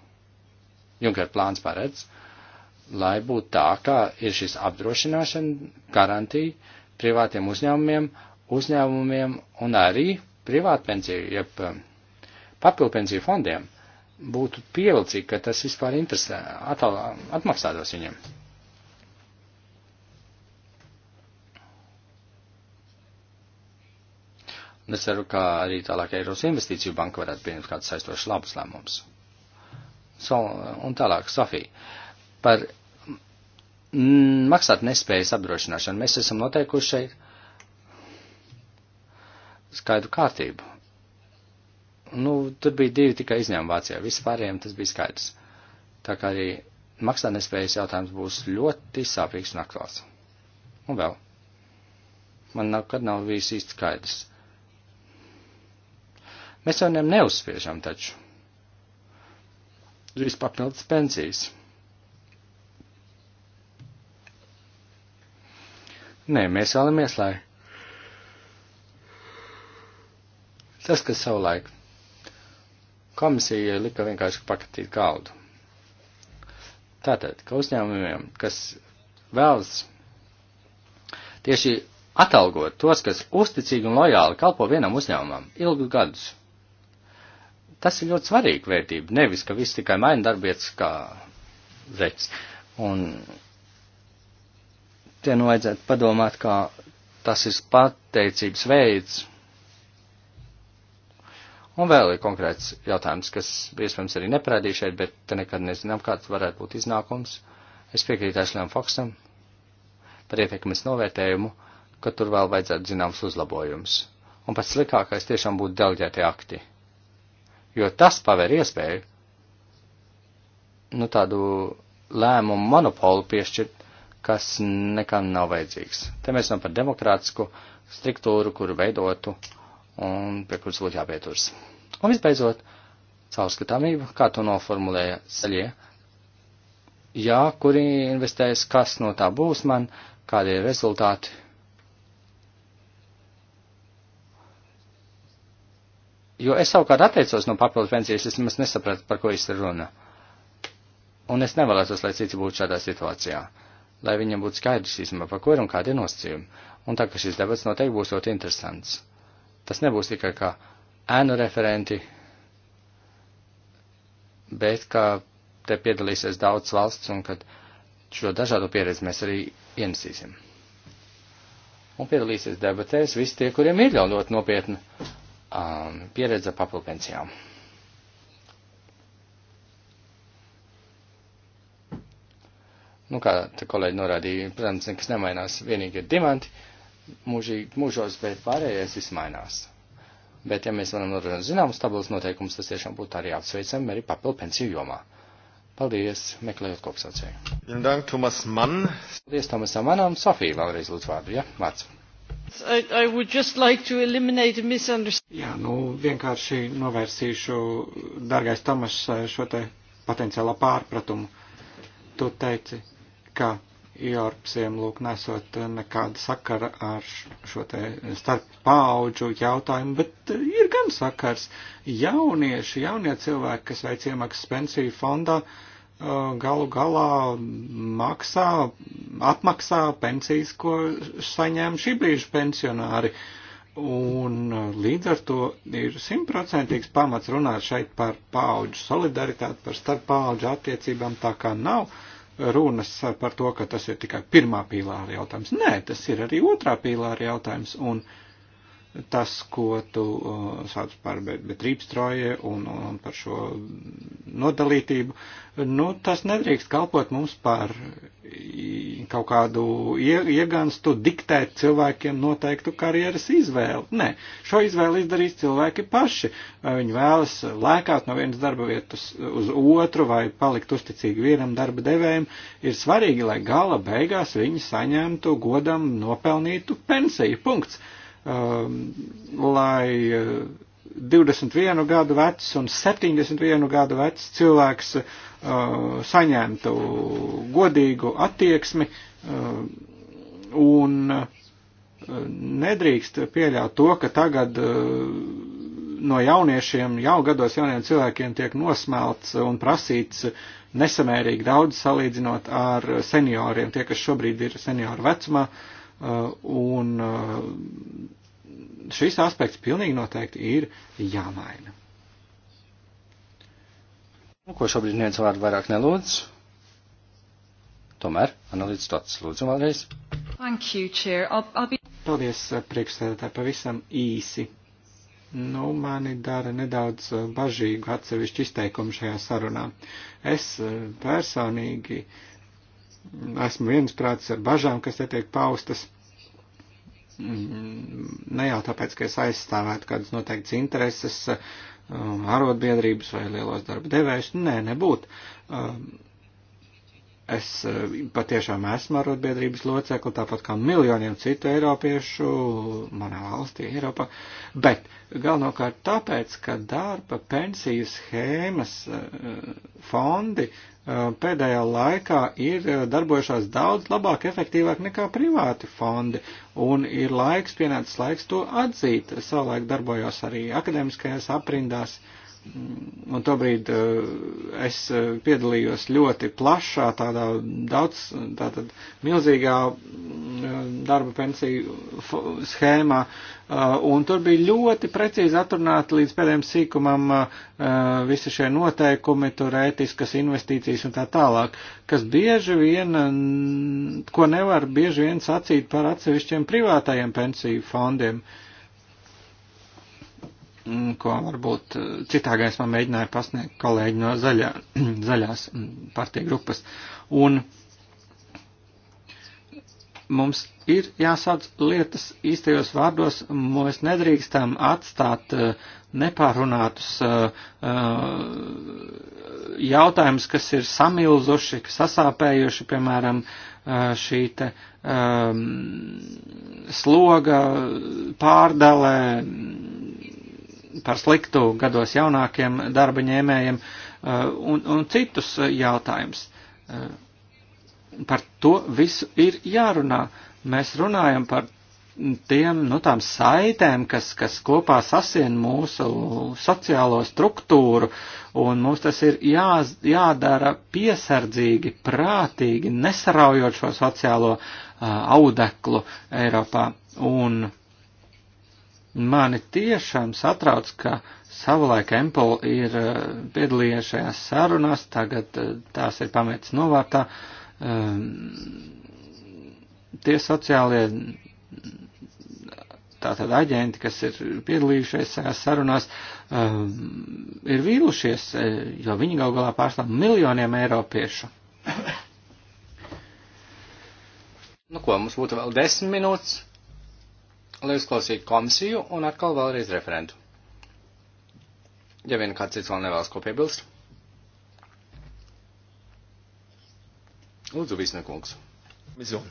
Junker plāns paredz, lai būtu tā, ka ir šis apdrošināšana garantija privātiem uzņēmumiem, uzņēmumiem un arī privātpensiju, jeb eh, papildpensiju fondiem būtu pievilcīgi, ka tas vispār interesē, atal, atmaksātos viņiem. Un es ceru, ka arī tālāk Eiropas investīciju banka varētu pieņemt kādus saistošus labus lēmumus. So, un tālāk, Sofija, par mm, maksāt nespējas apdrošināšanu. Mēs esam noteikuši šeit skaidru kārtību. Nu, tur bija divi tikai izņēmumi Vācijā, vispārējiem tas bija skaidrs. Tā kā arī maksātnespējas jautājums būs ļoti sāpīgs un aktuāls. Un vēl. Man nekad nav, nav bijis īsti skaidrs. Mēs jau viņiem neuzspiežam taču. Drīz papildus pensijas. Nē, mēs vēlamies, lai Tas, kas savulaik komisija lika vienkārši pakatīt galdu. Tātad, ka uzņēmumiem, kas vēlas tieši atalgot tos, kas uzticīgi un lojāli kalpo vienam uzņēmumam ilgus gadus, tas ir ļoti svarīga vērtība. Nevis, ka viss tikai maina darbietas kā zeķis. Un te nu vajadzētu padomāt, kā tas ir pateicības veids Un vēl ir konkrēts jautājums, kas iespējams arī neprādīja šeit, bet te nekad nezinām, kāds varētu būt iznākums. Es piekrītu Ašlēm Foksam par ietekmes novērtējumu, ka tur vēl vajadzētu zināms uzlabojums. Un pats slikākais tiešām būtu delģēti akti. Jo tas paver iespēju, nu tādu lēmumu monopolu piešķirt, kas nekam nav vajadzīgs. Te mēs runājam par demokrātisku struktūru, kuru veidotu uh, un pie kuras būtu jāpieturas. Un visbeidzot, caurskatāmība, kā to noformulēja ceļie. Jā, kuri investēs, kas no tā būs man, kādi ir rezultāti. Jo es savukārt atteicos no papildu pensijas, es nemaz nesapratu, par ko īsti runa. Un es nevēlētos, lai cits būtu šādā situācijā, lai viņam būtu skaidrs īstenībā, par ko ir un kāda ir nosacījuma. Un tā, ka šis debats noteikti būs ļoti interesants. Tas nebūs tikai kā ēnu referenti, bet kā te piedalīsies daudz valsts un kad šo dažādo pieredzi mēs arī ienesīsim. Un piedalīsies debatēs visi tie, kuriem ir jau ļoti nopietna um, pieredze papilpencijām. Nu, kā te kolēģi norādīja, protams, nekas nemainās, vienīgi ir dimanti, uh, mūžīgi mūžos, bet pārējais viss mainās. Bet, ja mēs varam nodrošināt zināmu stabilus noteikumus, tas tiešām būtu arī apsveicami arī papildu pensiju jomā. Paldies, meklējot kopsaucēju. Dank, Tomas Mann. Paldies, Tomasam Manam. Sofija vēlreiz lūdzu vārdu, ja? Vārds. I, I would just like to eliminate a misunderstanding. Jā, nu, vienkārši novērsīšu, dargais Tomas, šo te potenciālo pārpratumu. Tu teici, ka ieorpsiem, lūk, nesot nekāda sakara ar šo te starp paaudžu jautājumu, bet ir gan sakars. Jaunieši, jaunie cilvēki, kas veic iemaksas pensiju fondā, galu galā maksā, atmaksā pensijas, ko saņēma šī brīža pensionāri. Un līdz ar to ir simtprocentīgs pamats runāt šeit par paaudžu solidaritāti, par starp paaudžu attiecībām, tā kā nav runas par to, ka tas ir tikai pirmā pīlāra jautājums. Nē, tas ir arī otrā pīlāra jautājums. Un, uh, tas, ko tu uh, sāc par Betrībstroje un, un, un par šo nodalītību, nu, tas nedrīkst kalpot mums par kaut kādu ie, iegānstu diktēt cilvēkiem noteiktu karjeras izvēli. Nē, šo izvēli izdarīs cilvēki paši. Vai viņi vēlas lēkāt no vienas darba vietas uz otru vai palikt uzticīgi vienam darba devējam, ir svarīgi, lai gala beigās viņi saņemtu godam nopelnītu pensiju. Punkts Um, lai 21 uh, gadu vecs un 71 gadu vecs cilvēks uh, saņemtu godīgu attieksmi uh, un uh, nedrīkst pieļaut to, ka tagad uh, no jauniešiem, jau gados jauniem cilvēkiem tiek nosmelts un prasīts nesamērīgi daudz salīdzinot ar senioriem, tie, kas šobrīd ir senioru vecumā. Uh, Eh, un eh, šis aspekts pilnīgi noteikti ir jāmaina. Nu, ko šobrīd neviens vārdu vairāk nelūdz? Tomēr, analīdz tāds, lūdzu vēlreiz. Thank you, Chair. I'll, I'll be... Paldies, eh, priekšsēdētāji, pavisam īsi. Nu, mani dara nedaudz bažīgu atsevišķu izteikumu šajā sarunā. Es personīgi uh, esmu viensprāts ar bažām, kas te tiek paustas. Ne jau tāpēc, ka es aizstāvētu kādas noteiktas intereses, um, arotbiedrības vai lielos darba devējus. Nē, nebūtu. Um, es uh, patiešām esmu arotbiedrības locekli, tāpat kā miljoniem citu eiropiešu manā valstī, Eiropā, bet galvenokārt tāpēc, ka darba pensiju schēmas uh, fondi Uh, pēdējā laikā ir uh, darbojušās daudz labāk, efektīvāk nekā privāti fondi, un ir laiks, pienācis laiks to atzīt. Savulaik darbojos arī akadēmiskajās aprindās. Uh, Mm, un tobrīd eh, es eh, piedalījos ļoti plašā, tādā daudz, tātad milzīgā mm, eh, darba pensiju schēmā, un tur bija ļoti precīzi atrunāti līdz pēdējiem sīkumam visi šie noteikumi, tur ētiskas investīcijas un tā tālāk, kas bieži vien, ko nevar bieži vien sacīt par atsevišķiem privātajiem pensiju fondiem. Uh, ko varbūt eh, citā gaismā mēģināja pasniegt kolēģi no zaļā, zaļās mm, partija grupas. Un mums ir jāsauc lietas īstajos vārdos, mēs nedrīkstam atstāt eh, nepārunātus eh, jautājumus, kas ir samilzuši, sasāpējuši, piemēram, šī te sloga pārdalē par sliktu gados jaunākiem darba ņēmējiem uh, un, un citus uh, jautājumus. Uh, par to visu ir jārunā. Mēs runājam par tiem, nu, tām saitēm, kas, kas kopā sasien mūsu sociālo struktūru, un mums tas ir jā, jādara piesardzīgi, prātīgi, nesaraujot šo sociālo uh, audeklu Eiropā. Un Mani tiešām satrauc, ka savulaik Empel ir eh, piedalījies šajās sarunās, tagad eh, tās ir pametas novārtā. Ehm, tie sociālie tātad aģenti, kas ir piedalījušies šajās sarunās, ehm, ir vīlušies, eh, jo viņi gal galā pārstāv miljoniem eiropiešu. Nu ko, mums būtu vēl desmit minūtes lai uzklausītu komisiju un atkal vēlreiz referentu. Ja vien kāds cits vēl nevēlas ko piebilst. Lūdzu, Visnekungs. Visu.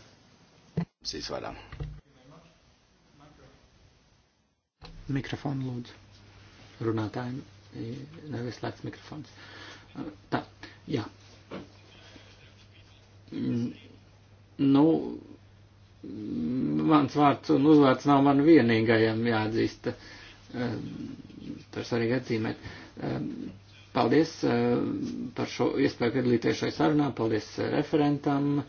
Sīs vadā. Mikrofonu lūdzu. Runātājiem nav ieslēgts mikrofons. Tā, jā. Mm, nu, mans vārds un uzvārds nav man vienīgajam jāatzīst. Tas eh, arī atzīmēt. Eh, paldies eh, par šo iespēju piedalīties šai sarunā, paldies referentam.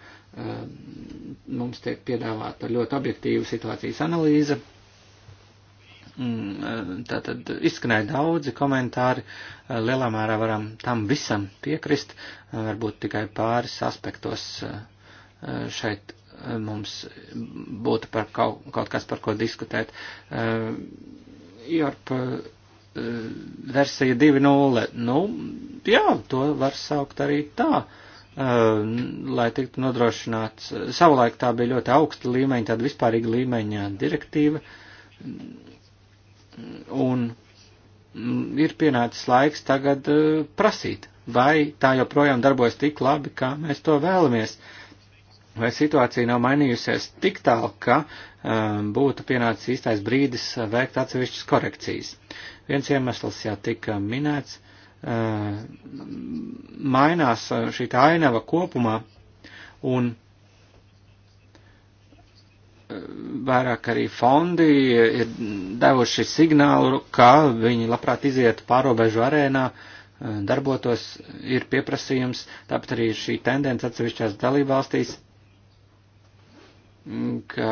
Mums tiek piedāvāta ļoti objektīva situācijas analīze. Mm, tātad izskanēja daudzi komentāri, lielā mērā varam tam visam piekrist, varbūt tikai pāris aspektos šeit mums būtu par kaut, kaut kas, par ko diskutēt. Eh, Jorp eh, versija 2.0, nu, jā, to var saukt arī tā, eh, lai tiktu nodrošināts. Savulaik tā bija ļoti augsta līmeņa, tāda vispārīga līmeņa direktīva. Un mm, ir pienācis laiks tagad prasīt, vai tā joprojām darbojas tik labi, kā mēs to vēlamies. Uh, vai situācija nav mainījusies tik tālu, ka um, būtu pienācis īstais brīdis veikt atsevišķas korekcijas. Viens iemesls jau tika minēts, uh, mainās šī tā ainava kopumā un uh, vairāk arī fondi ir devuši signālu, ka viņi labprāt izietu pārobežu arēnā uh, darbotos, ir pieprasījums, tāpat arī šī tendence atsevišķās dalībvalstīs ka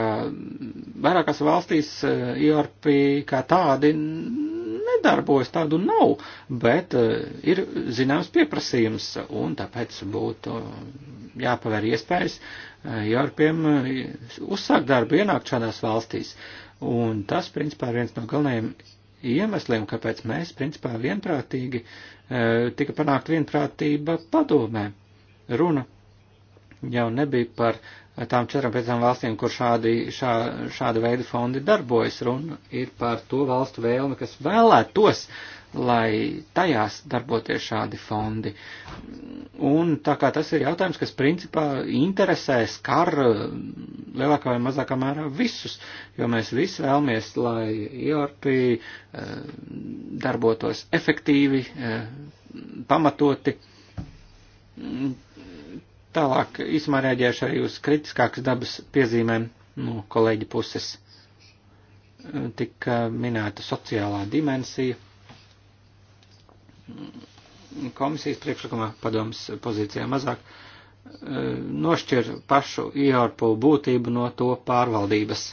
vairākās valstīs IRP eh, e kā tādi nedarbojas, tādu nav, bet eh, ir zināms pieprasījums, un tāpēc būtu eh, jāpavēr iespējas IRPiem e uzsākt darbu, ienākt šādās valstīs. Un tas, principā, ir viens no galvenajiem iemesliem, kāpēc mēs, principā, vienprātīgi tika panākt vienprātība padomē. Runa jau nebija par tām 4-5 valstīm, kur šādi, šā, šāda veida fondi darbojas, runa ir par to valstu vēlmi, kas vēlētos, lai tajās darboties šādi fondi. Un tā kā tas ir jautājums, kas principā interesē, skar lielākā vai mazākā mērā visus, jo mēs visi vēlamies, lai IRP e eh, darbotos efektīvi, eh, pamatoti Tālāk īsumā rēģēšu arī uz kritiskākas dabas piezīmēm no nu, kolēģa puses. Tika minēta sociālā dimensija. Komisijas priekšlikumā padomas pozīcijā mazāk eh, nošķir pašu iorpu būtību no to pārvaldības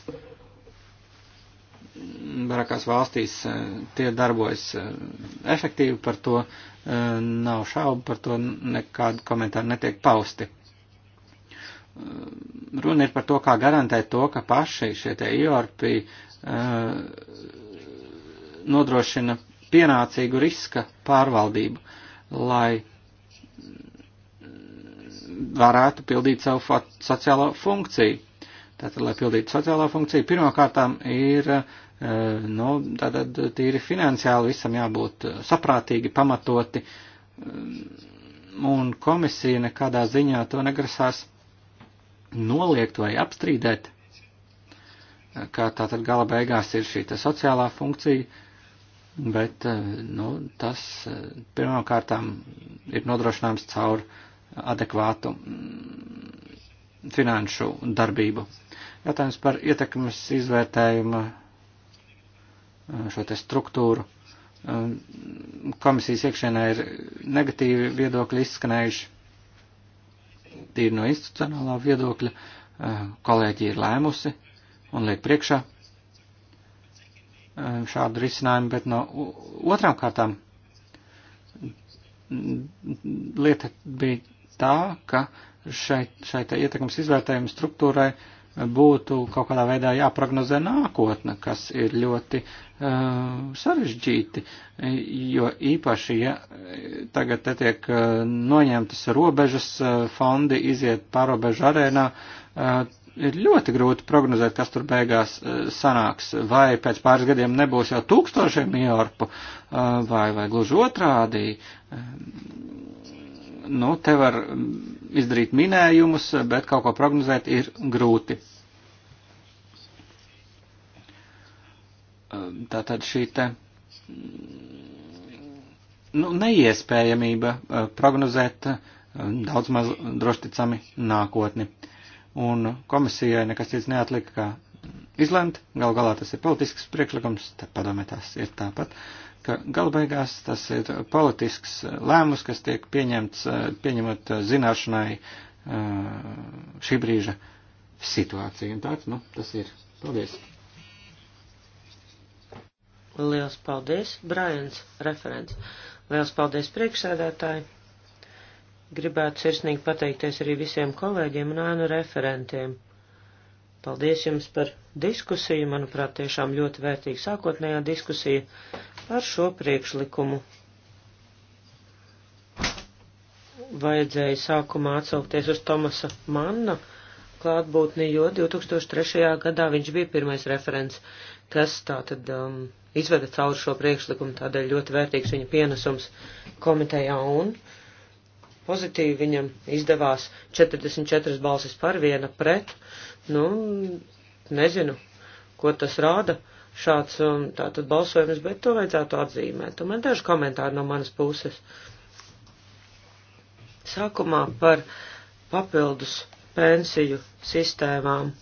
vairākās valstīs eh, tie darbojas eh, efektīvi, par to eh, nav šaubu, par to nekādu komentāru netiek pausti. Runa ir par to, kā garantēt to, ka paši šie tie IORPI nodrošina pienācīgu riska pārvaldību, lai varētu pildīt savu sociālo funkciju. Tātad, lai pildītu sociālo funkciju, pirmkārtām ir Eh, nu, tātad tīri finansiāli visam jābūt eh, saprātīgi, pamatoti, mm, un komisija nekādā ziņā to negrasās noliegt vai apstrīdēt, eh, kā tātad gala beigās ir šī sociālā funkcija, bet, nu, tas pirmām kārtām ir nodrošināms caur adekvātu mm, finanšu darbību. Jautājums par ietekmes izvērtējumu Eh, šo te struktūru. Eh, komisijas iekšēnē ir negatīvi viedokļi izskanējuši tīri no institucionālā viedokļa. Eh, kolēģi ir lēmusi un liek priekšā šādu risinājumu, bet no otrām kārtām mm, lieta bija tā, ka šai, šai ietekmes izvērtējuma struktūrai uh, būtu kaut kādā veidā jāprognozē nākotne, kas ir ļoti uh, sarežģīti, jo īpaši, ja eh, tagad te tiek uh, noņemtas robežas, uh, fondi iziet pārobežu arēnā, uh, ir ļoti grūti prognozēt, kas tur beigās uh, sanāks, vai pēc pāris gadiem nebūs jau tūkstošiem jorpu, uh, vai, vai gluži otrādī. Uh, um, nu, te var izdarīt minējumus, bet kaut ko prognozēt ir grūti. Ehm, tātad šī te mm, nu, neiespējamība eh, prognozēt ehm, daudz maz drošticami nākotni. Un komisijai nekas cits neatlika, kā izlemt. Gal galā tas ir politisks priekšlikums, te padomē tas ir tāpat ka galbeigās tas ir politisks lēmums, kas tiek pieņemts, eh, pieņemot eh, zināšanai eh, šī brīža situāciju. Un tāds, nu, tas ir. Paldies! Liels paldies, Brajans, referents. Liels paldies, priekšsēdētāji. Gribētu sirsnīgi pateikties arī visiem kolēģiem un ēnu referentiem. Paldies jums par diskusiju, manuprāt, tiešām ļoti vērtīga sākotnējā diskusija par šo priekšlikumu. Vajadzēja sākumā atsaukties uz Tomasa Manna klātbūtni, jo 2003. gadā viņš bija pirmais referents, kas tātad um, izveda cauri šo priekšlikumu, tādēļ ļoti vērtīgs viņa pienesums komitejā un pozitīvi viņam izdevās 44 balsis par viena pret. Uh, Nu, nezinu, ko tas rāda šāds um, tātad balsojums, bet to vajadzētu atzīmēt. Tomēr daži komentāri no manas puses. Sākumā par papildus pensiju sistēmām.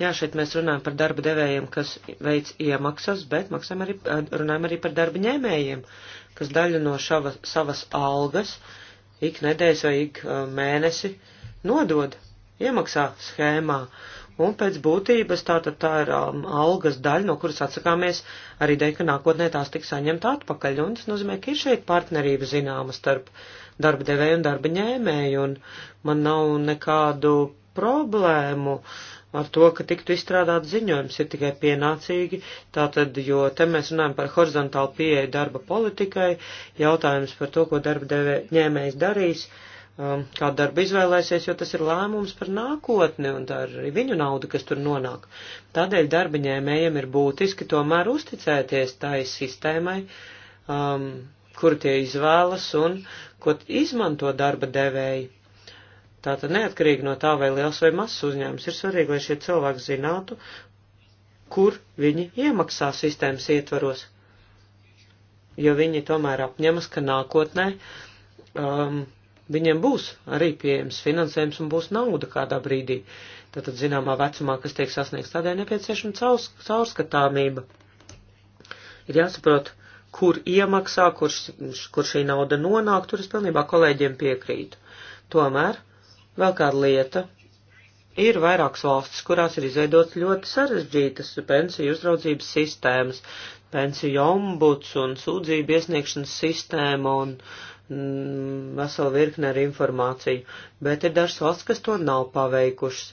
Jā, šeit mēs runājam par darba devējiem, kas veic iemaksas, bet maksājam arī, runājam arī par darba ņēmējiem, kas daļu no šava, savas algas ik nedēļas vai ik uh, mēnesi nodod iemaksā schēmā. Un pēc būtības tātad tā ir um, algas daļa, no kuras atsakāmies ar ideju, ka nākotnē tās tiks saņemta atpakaļ. Un tas nozīmē, ka ir šeit partnerība zināma starp darba devēju un darba ņēmēju. Un man nav nekādu problēmu ar to, ka tiktu izstrādāt ziņojums, ir tikai pienācīgi. Tātad, jo te mēs runājam par horizontālu pieeju darba politikai, jautājums par to, ko darba devē, ņēmējs darīs. Uh, um, kādu darbu izvēlēsies, jo tas ir lēmums par nākotni un tā ir arī viņu nauda, kas tur nonāk. Tādēļ darba ņēmējiem ir būtiski tomēr uzticēties tai sistēmai, um, kuru tie izvēlas un ko izmanto darba devēji. Tātad neatkarīgi no tā, vai liels vai mazs uzņēmums, ir svarīgi, lai šie cilvēki zinātu, kur viņi iemaksā sistēmas ietvaros. Jo viņi tomēr apņemas, ka nākotnē um, viņiem būs arī pieejams finansējums un būs nauda kādā brīdī. Tātad zināmā vecumā, kas tiek sasniegts, tādēļ nepieciešama caurs, caurskatāmība. Ir jāsaprot, kur iemaksā, kur, kur šī nauda nonāk, tur es pilnībā kolēģiem piekrītu. Tomēr vēl kāda lieta. Ir vairākas valstis, kurās ir izveidotas ļoti sarežģītas pensiju uzraudzības sistēmas, pensiju ombuds un sūdzību iesniegšanas sistēma un uh, Mm, veselu virkni ar informāciju, bet ir dažas valsts, kas to nav paveikušas.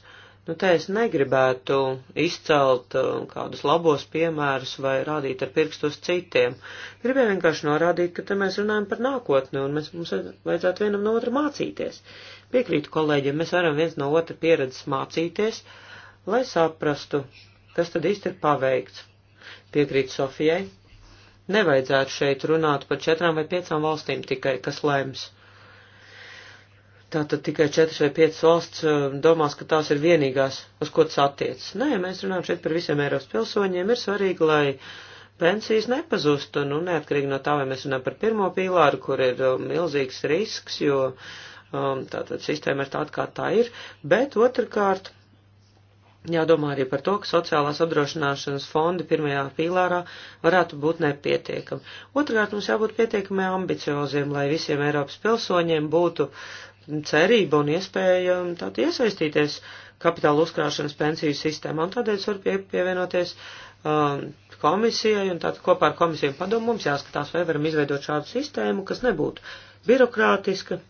Nu, te es negribētu izcelt uh, kādus labos piemērus vai rādīt ar pirkstu uz citiem. Gribēju vienkārši norādīt, ka te mēs runājam par nākotni un mēs, mums vajadzētu vienam no otra mācīties. Piekrītu kolēģiem, mēs varam viens no otra pieredzes mācīties, lai saprastu, kas tad īsti ir paveikts. Piekrītu Sofijai, Nevajadzētu šeit runāt par četrām vai piecām valstīm tikai, kas lēms. Tātad tikai četras vai piecas valsts um, domās, ka tās ir vienīgās, uz ko tas attiecas. Nē, mēs runājam šeit par visiem Eiropas pilsoņiem. Ir svarīgi, lai pensijas nepazustu, nu, neatkarīgi no tā, vai mēs runājam par pirmo pīlāru, kur ir um, milzīgs risks, jo um, tātad sistēma ir tāda, kā tā ir, bet otrkārt Jādomā arī par to, ka sociālās apdrošināšanas fondi pirmajā pīlārā varētu būt nepietiekami. Otrkārt, mums jābūt pietiekami ambicioziem, lai visiem Eiropas pilsoņiem būtu cerība un iespēja um, tātad iesaistīties kapitāla uzkrāšanas pensiju sistēmā. Un tādēļ es varu pie, pievienoties um, komisijai un tātad kopā ar komisiju padomu mums jāskatās, vai varam izveidot šādu sistēmu, kas nebūtu birokrātiska,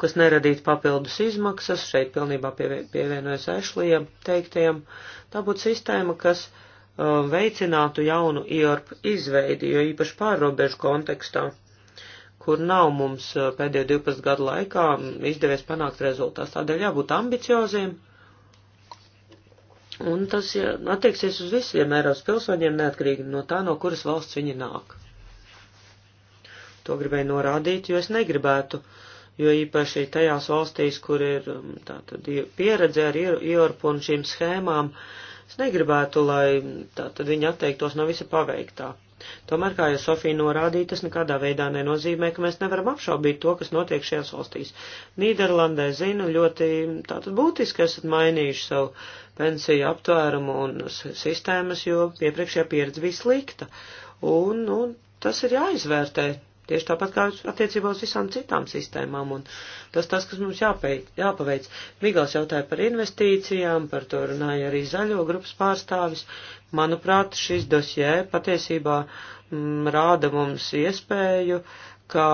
kas neradītu papildus izmaksas, šeit pilnībā pievienojas Ešlijam teiktajam, tā būtu sistēma, kas uh, veicinātu jaunu IORP izveidi, jo īpaši pārrobežu kontekstā, kur nav mums uh, pēdējo 12 gadu laikā izdevies panākt rezultāts. Tādēļ jābūt ambicioziem, un tas ja, attieksies uz visiem Eiropas pilsoņiem, neatkarīgi no tā, no kuras valsts viņi nāk. To gribēju norādīt, jo es negribētu uh, jo īpaši tajās valstīs, kur ir um, tātad pieredze ar iorpu un šīm schēmām, es negribētu, lai um, tātad viņi atteiktos no visa paveiktā. Tomēr, kā jau Sofija norādīja, tas nekādā veidā nenozīmē, ka mēs nevaram apšaubīt to, kas notiek šajās valstīs. Nīderlandē zinu ļoti um, tātad būtiski esat mainījuši savu pensiju aptvērumu un sistēmas, jo piepriekšējā pieredze bija slikta. Un, nu, tas ir jāizvērtē, Tieši tāpat kā attiecībā uz visām citām sistēmām, un tas tas, kas mums jāpeic, jāpaveic. Migals jautāja par investīcijām, par to runāja arī zaļo grupas pārstāvis. Manuprāt, šis dosjē patiesībā m, mm, rāda mums iespēju, ka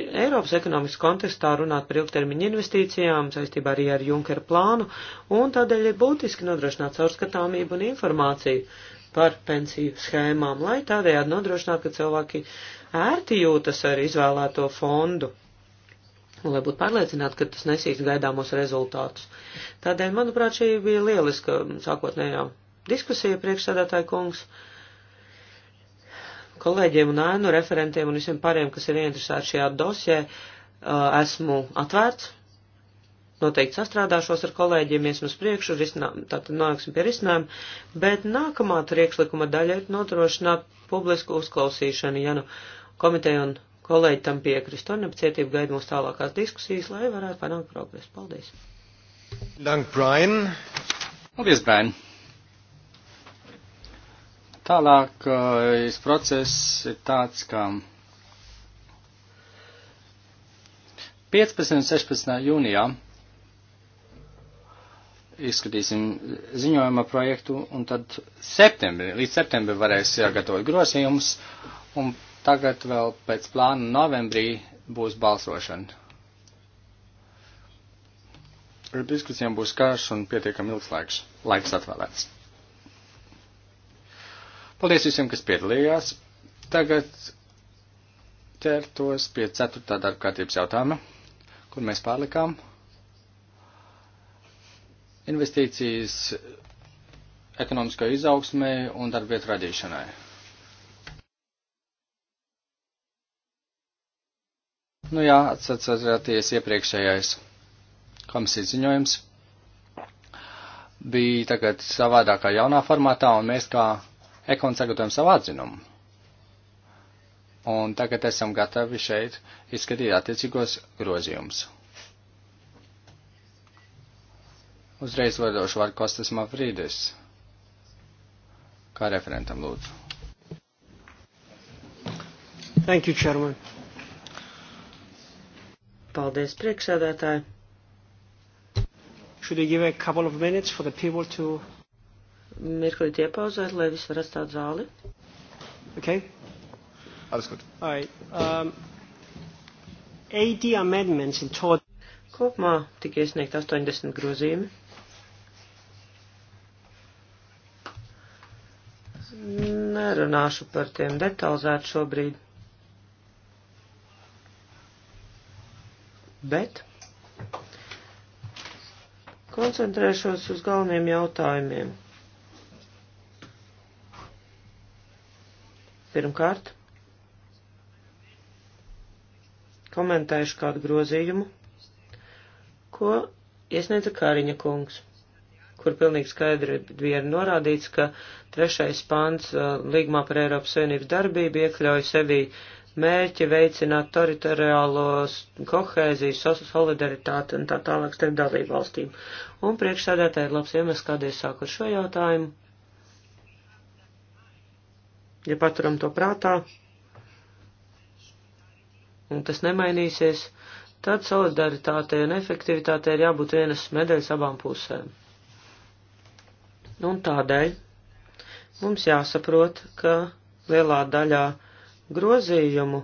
Eiropas ekonomikas kontekstā runāt par ilgtermiņa investīcijām saistībā arī ar Junkera plānu, un tādēļ ir būtiski nodrošināt caurskatāmību un informāciju par pensiju schēmām, lai tādējādi nodrošinātu, ka cilvēki ērti jūtas ar izvēlēto fondu, un lai būtu pārliecināti, ka tas nesīs gaidāmos rezultātus. Tādēļ, manuprāt, šī bija lieliska sākotnējā diskusija priekšsēdētāja kungs kolēģiem un ēnu referentiem un visiem pāriem, kas ir ieinteresēti šajā dosē, uh, esmu atvērts noteikti sastrādāšos ar kolēģiem, iesim uz priekšu, tātad nonāksim pie risinājuma, bet nākamā priekšlikuma daļa ir nodrošināt publisku uzklausīšanu, ja nu komiteja un kolēģi tam piekrist. Un nepacietību gaida mūsu tālākās diskusijas, lai varētu panākt progresu. Paldies! Dank, Brian! Paldies, Brian! Tālāk eh, process ir tāds, ka 15. un 16. jūnijā izskatīsim ziņojuma projektu, un tad septembri, līdz septembri varēs jāgatavot grozījumus, un tagad vēl pēc plāna novembrī būs balsošana. Ar diskusijām būs karš un pietiekami ilgs laiks, laiks atvēlēts. Paldies visiem, kas piedalījās. Tagad ķertos pie ceturtā darba kārtības jautājuma, kur mēs pārlikām investīcijas ekonomiskai izaugsmē un darbvietu radīšanai. Nu jā, atcerieties iepriekšējais komisijas ziņojums. Bija tagad savādākā jaunā formātā, un mēs kā ekon sagatavojam savu atzinumu. Un tagad esam gatavi šeit izskatīt attiecīgos grozījumus. Uzreiz vadošu vārdu Kostas Mafrīdis. Kā referentam lūdzu. Thank you, Chairman. Paldies, priekšsēdētāji. Should we give a couple of minutes for the people to... Mirklīt iepauzēt, lai visi var atstāt zāli. Okay. Alles gut. All right. Um, 80 amendments in total. Kopumā tika iesniegt 80 grozījumi. nerunāšu par tiem detalizēt šobrīd. Bet koncentrēšos uz galveniem jautājumiem. Pirmkārt, komentēšu kādu grozījumu, ko iesniedza Kāriņa kungs kur pilnīgi skaidri bija norādīts, ka trešais pants uh, līgumā par Eiropas Savienības darbību iekļauj sevī mērķi veicināt teritoriālos kohēziju, solidaritāti un tā tālāk starp dalību valstīm. Un priekšsēdētāji ir labs iemesls, kādēļ sāku ar šo jautājumu. Ja paturam to prātā, un tas nemainīsies, tad solidaritātei un efektivitātei ir jābūt vienas medaļas abām pusēm. Nu, un tādēļ mums jāsaprot, ka lielā daļā grozījumu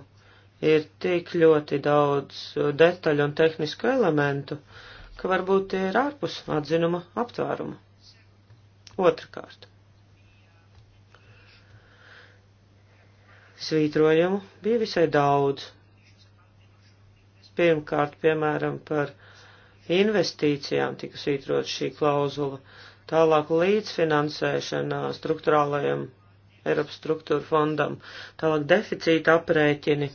ir tik ļoti daudz detaļu un tehnisku elementu, ka varbūt tie ir ārpus atzinuma aptvēruma. Otrakārt. Svītrojumu bija visai daudz. Pirmkārt, piemēram, par investīcijām tika svītrot šī klauzula. Tālāk līdzfinansēšana struktūrālajam Eiropas struktūra fondam. Tālāk deficīta aprēķini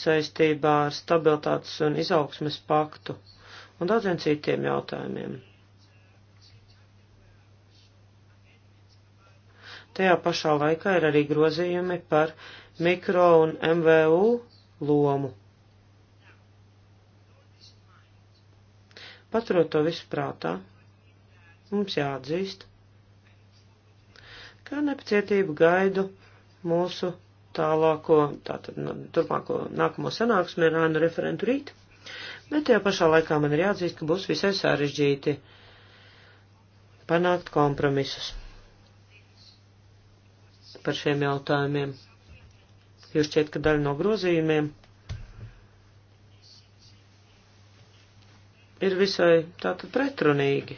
saistībā ar stabilitātes un izaugsmes paktu un daudziem citiem jautājumiem. Tajā pašā laikā ir arī grozījumi par mikro un MVU lomu. Paturot to visu prātā. Mums jāatzīst, ka nepacietību gaidu mūsu tālāko, tātad turpmāko nākamo sanāksmi ar ānu referentu rīt, bet tajā pašā laikā man ir jāatzīst, ka būs visai sarežģīti panākt kompromisus par šiem jautājumiem, jo šķiet, ka daļa no grozījumiem ir visai tātad pretrunīgi.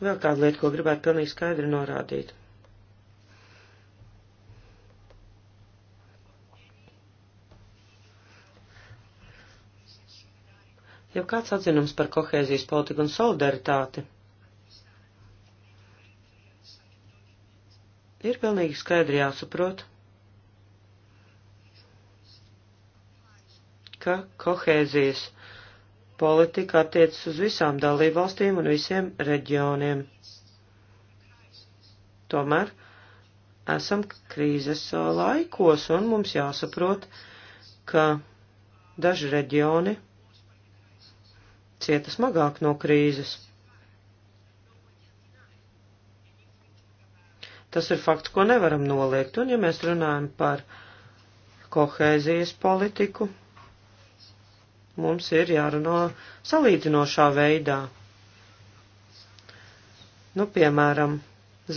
Vēl kāda lieta, ko gribētu pilnīgi skaidri norādīt. Jau kāds atzinums par kohēzijas politiku un solidaritāti ir pilnīgi skaidri jāsaprot, ka kohēzijas politika politika attiecas uz visām dalībvalstīm un visiem reģioniem. Tomēr esam krīzes laikos un mums jāsaprot, ka daži reģioni cieta smagāk no krīzes. Tas ir fakts, ko nevaram noliegt, un ja mēs runājam par kohēzijas politiku, mums ir jārunā salīdzinošā veidā. Nu, piemēram,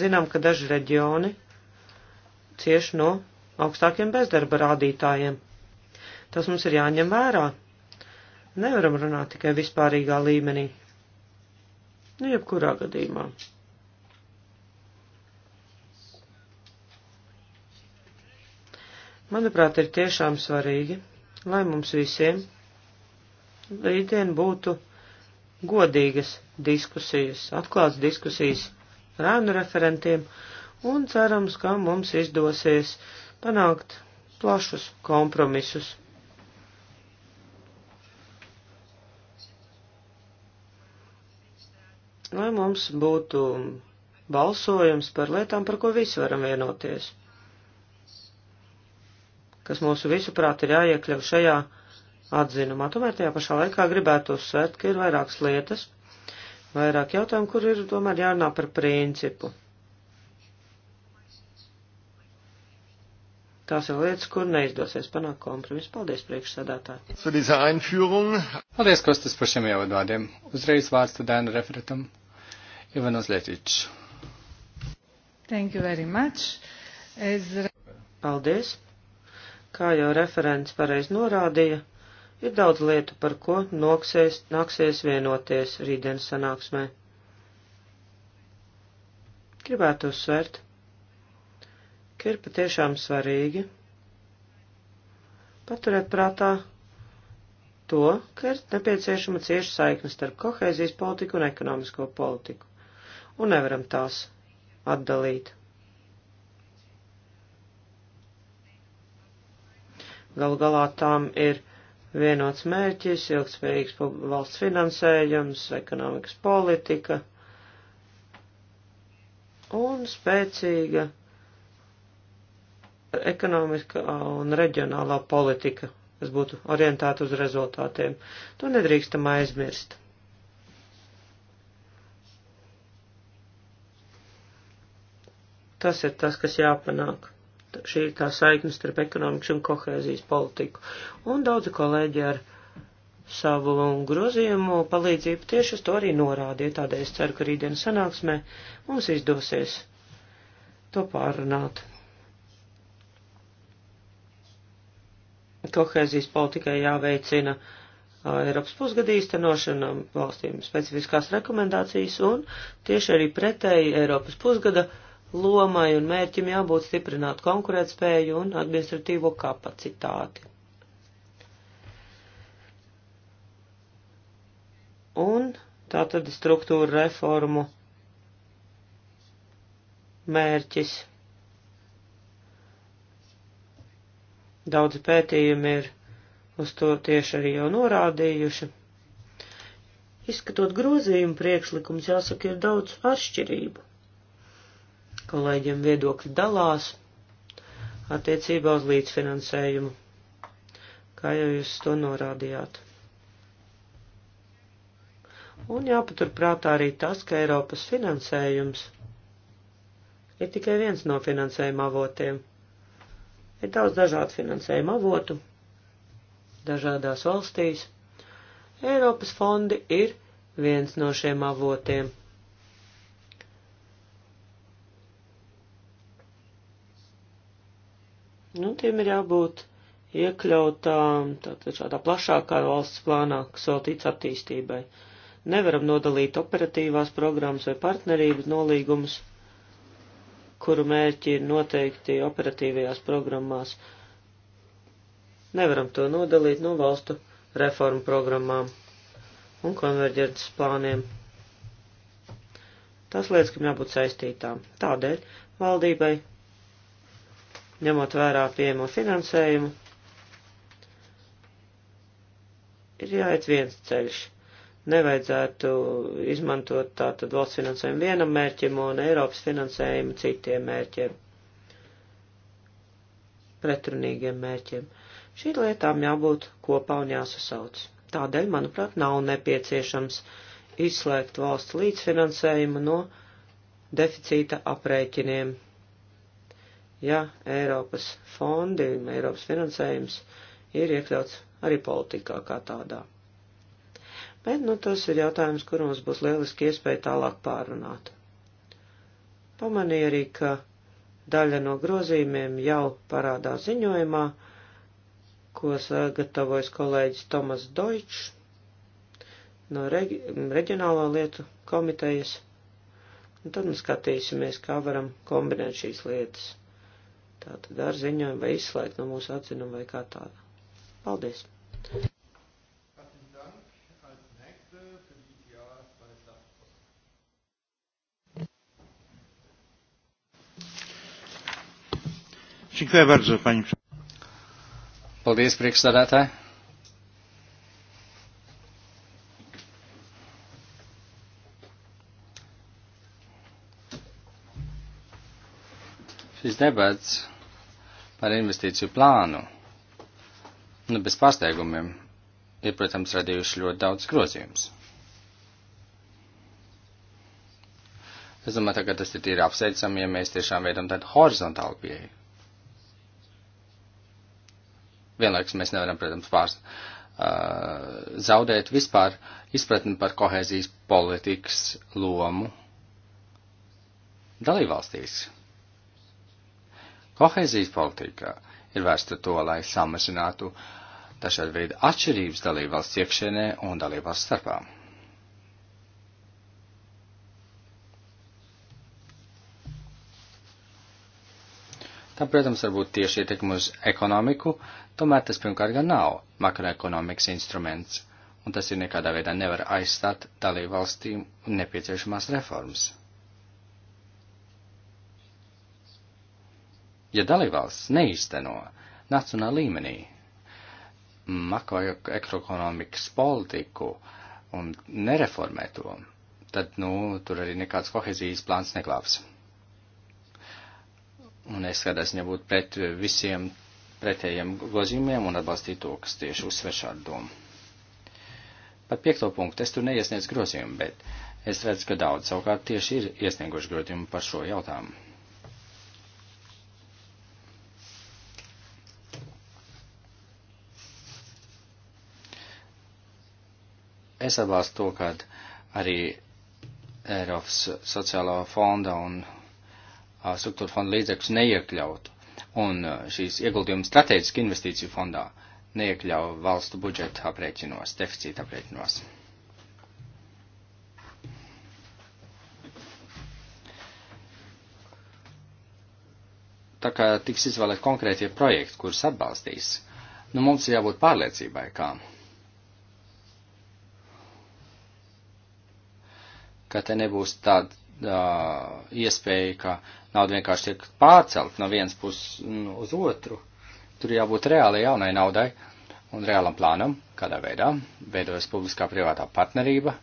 zinām, ka daži reģioni cieši no augstākiem bezdarba rādītājiem. Tas mums ir jāņem vērā. Nevaram runāt tikai vispārīgā līmenī. Nu, jebkurā gadījumā. Manuprāt, ir tiešām svarīgi, lai mums visiem rītdien būtu godīgas diskusijas, atklāts diskusijas ar ēnu referentiem, un cerams, ka mums izdosies panākt plašus kompromisus. Lai mums būtu balsojums par lietām, par ko visi varam vienoties, kas mūsu visu prāt ir jāiekļauj šajā atzinumā. Tomēr tajā pašā laikā gribētu uzsvērt, ka ir vairākas lietas, vairāk jautājumu, kur ir tomēr jārunā par principu. Tās ir lietas, kur neizdosies panākt kompromisu. Paldies, priekšsēdētāji. Paldies, Kostas, par šiem ievadvārdiem. Uzreiz vārds Dēna referentam Ivanos Lietičs. Thank you very much. Es... Paldies. Kā jau referents pareiz norādīja, Ir daudz lietu, par ko noksēs, nāksies vienoties rītdienas sanāksmē. Gribētu uzsvērt, ka ir patiešām svarīgi paturēt prātā to, ka ir nepieciešama cieša saikne starp kohēzijas politiku un ekonomisko politiku, un nevaram tās atdalīt. Galu galā tām ir vienots mērķis, ilgspējīgs valsts finansējums, ekonomikas politika un spēcīga ekonomiskā un reģionālā politika, kas būtu orientēta uz rezultātiem. To nedrīkstam aizmirst. Tas ir tas, kas jāpanāk šī ir tā saiknes starp ekonomikas un kohēzijas politiku. Un daudzi kolēģi ar savu grozījumu palīdzību tieši uz to arī norādīja. Tādēļ es ceru, ka rītdienas sanāksmē mums izdosies to pārrunāt. Kohēzijas politikai jāveicina Eiropas pusgada īstenošana, valstīm specifiskās rekomendācijas un tieši arī pretēji Eiropas pusgada uh, lomai un mērķim jābūt stiprināt konkurētspēju un administratīvo kapacitāti. Un tātad struktūra reformu mērķis. Daudz pētījumi ir uz to tieši arī jau norādījuši. Izskatot grozījumu priekšlikums, jāsaka, ir daudz atšķirību. Kolēģiem viedokļi dalās attiecībā uz līdzfinansējumu, kā jau jūs to norādījāt. Un jāpaturprātā arī tas, ka Eiropas finansējums ir tikai viens no finansējuma avotiem. Ir daudz dažādu finansējuma avotu dažādās valstīs. Eiropas fondi ir viens no šiem avotiem. Nu, tiem ir jābūt iekļautām tātad šādā plašākā valsts plānā, kas veltīts attīstībai. Nevaram nodalīt operatīvās programmas vai partnerības nolīgumus, kuru mērķi ir noteikti operatīvajās programmās. Nevaram to nodalīt no valstu reformu programmām un konverģences plāniem. Tas lietas, kam jābūt saistītām. Tādēļ valdībai ņemot vērā pieejamo finansējumu, ir jāiet viens ceļš. Nevajadzētu izmantot tātad valsts finansējumu vienam mērķim un Eiropas finansējumu citiem mērķiem, pretrunīgiem mērķiem. Šī lietām jābūt kopā un jāsasauc. Tādēļ, manuprāt, nav nepieciešams izslēgt valsts līdzfinansējumu no deficīta aprēķiniem ja Eiropas fondi, Eiropas finansējums ir iekļauts arī politikā kā tādā. Bet, nu, tas ir jautājums, kur mums būs lieliski iespēja tālāk pārunāt. Pamanīju arī, ka daļa no grozījumiem jau parādās ziņojumā, ko sagatavojas kolēģis Tomas Deutsch no reģi reģionālo lietu komitejas. Un tad mēs skatīsimies, kā varam kombinēt šīs lietas tātad ar ziņojumu vai izslēgt no mūsu atzinuma vai kā tāda. Paldies! Dziękuję bardzo, pani Paldies, priekšsādātāji. Šis debats ar investīciju plānu, nu, bez pārsteigumiem, ir, protams, radījuši ļoti daudz grozījumus. Es domāju, tagad tas ir tīri apsveicami, ja mēs tiešām veidam tādu horizontālu pieeju. Vienlaikus mēs nevaram, protams, pārs, uh, zaudēt vispār izpratni par kohēzijas politikas lomu dalībvalstīs. Kohēzijas politika ir vērsta to, lai samazinātu dažādu veidu atšķirības dalībvalsts iekšēnē un dalībvalsts starpā. Tam, protams, var būt tieši ietekmi uz ekonomiku, tomēr tas pirmkārt gan nav makroekonomikas instruments, un tas ir nekādā veidā nevar aizstāt dalībvalstīm nepieciešamās reformas. ja dalībvalsts neīsteno nacionāla līmenī makroekonomikas politiku un nereformē to, tad, nu, tur arī nekāds kohezijas plāns neklāps. Un es skatās, ja būtu pret visiem pretējiem grozījumiem un atbalstīt to, kas tieši uzsver šādu domu. Par piekto punktu es tur neiesniedzu grozījumu, bet es redzu, ka daudz savukārt tieši ir iesnieguši grozījumu par šo jautājumu. Es atbalstu to, ka arī Eiropas sociālā fonda un struktūra fonda līdzekļus neiekļautu un šīs ieguldījuma strateģiski investīciju fondā neiekļauj valstu budžeta aprēķinos, deficīta aprēķinos. Tā kā tiks izvēlēt konkrētie projekti, kurus atbalstīs, nu mums ir jābūt pārliecībai, kā ka te nebūs tāda uh, iespēja, ka nauda vienkārši tiek pārcelt no vienas puses mm, uz otru. Tur jābūt reāli jaunai naudai un reālam plānam, kādā veidā veidojas publiskā privātā partnerība,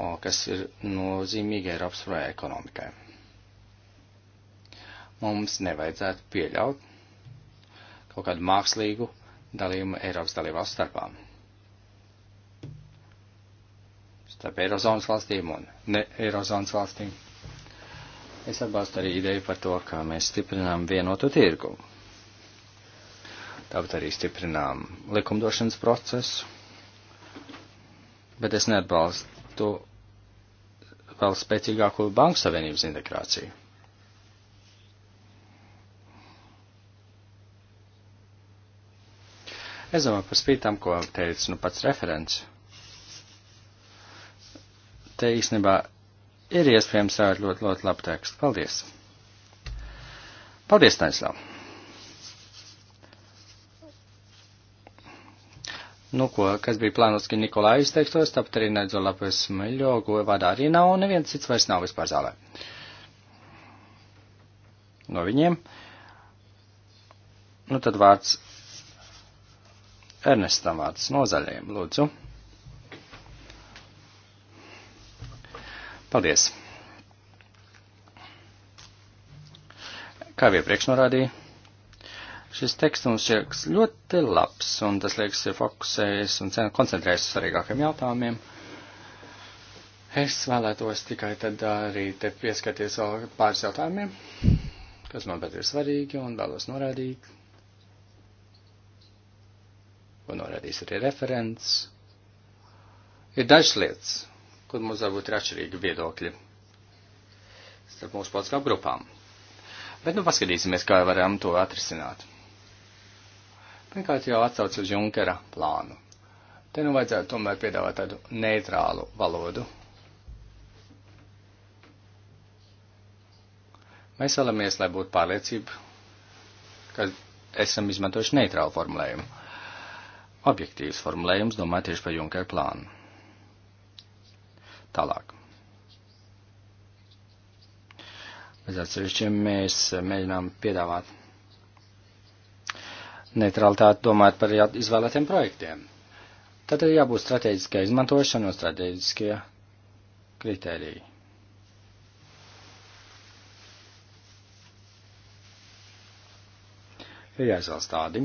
o, kas ir nozīmīga Eiropas projekta ekonomikai. Mums nevajadzētu pieļaut kaut kādu mākslīgu dalījumu Eiropas dalībās starpām. starp Eirozonas valstīm un ne Eirozonas valstīm. Es atbalstu arī ideju par to, kā mēs stiprinām vienotu tirgu. Tāpat arī stiprinām likumdošanas procesu, bet es neatbalstu vēl spēcīgāku banku savienības integrāciju. Es domāju par spītām, ko teica nu pats referents te īstenībā ir iespējams rādīt ļoti, ļoti labu tekstu. Paldies! Paldies, Taislav! Nu, ko, kas bija plānots, ka Nikolai izteiktos, tāpat arī Nedzo Lapes Meļo, ko vadā arī nav, un neviens cits vairs nav vispār zālē. No viņiem. Nu, tad vārds Ernestam vārds no zaļiem, lūdzu. Paldies! Kā jau iepriekš norādīja, šis teksts mums šķiet ļoti labs, un tas liekas ir fokusējis un koncentrējis uz svarīgākiem jautājumiem. Es vēlētos tikai tad arī te pieskarties vēl pāris jautājumiem, kas man pat ir svarīgi un vēlos norādīt, ko norādīs arī referents. Ir dažas lietas, kur mums varbūt ir atšķirīgi viedokļi starp mūsu politiskām grupām. Bet nu paskatīsimies, kā varam to atrisināt. Pirmkārt jau atsauc uz Junkera plānu. Te nu vajadzētu tomēr piedāvāt tādu neitrālu valodu. Mēs vēlamies, lai būtu pārliecība, ka esam izmantojuši neitrālu formulējumu. Objektīvs formulējums domā tieši par Junkera plānu. Tālāk. Bez atsevišķiem mēs mēģinām piedāvāt neutralitāti domājot par izvēlētiem projektiem. Tad ir jābūt strateģiskai izmantošana un strateģiskie kritēriji. Ir jāizvēlas tādi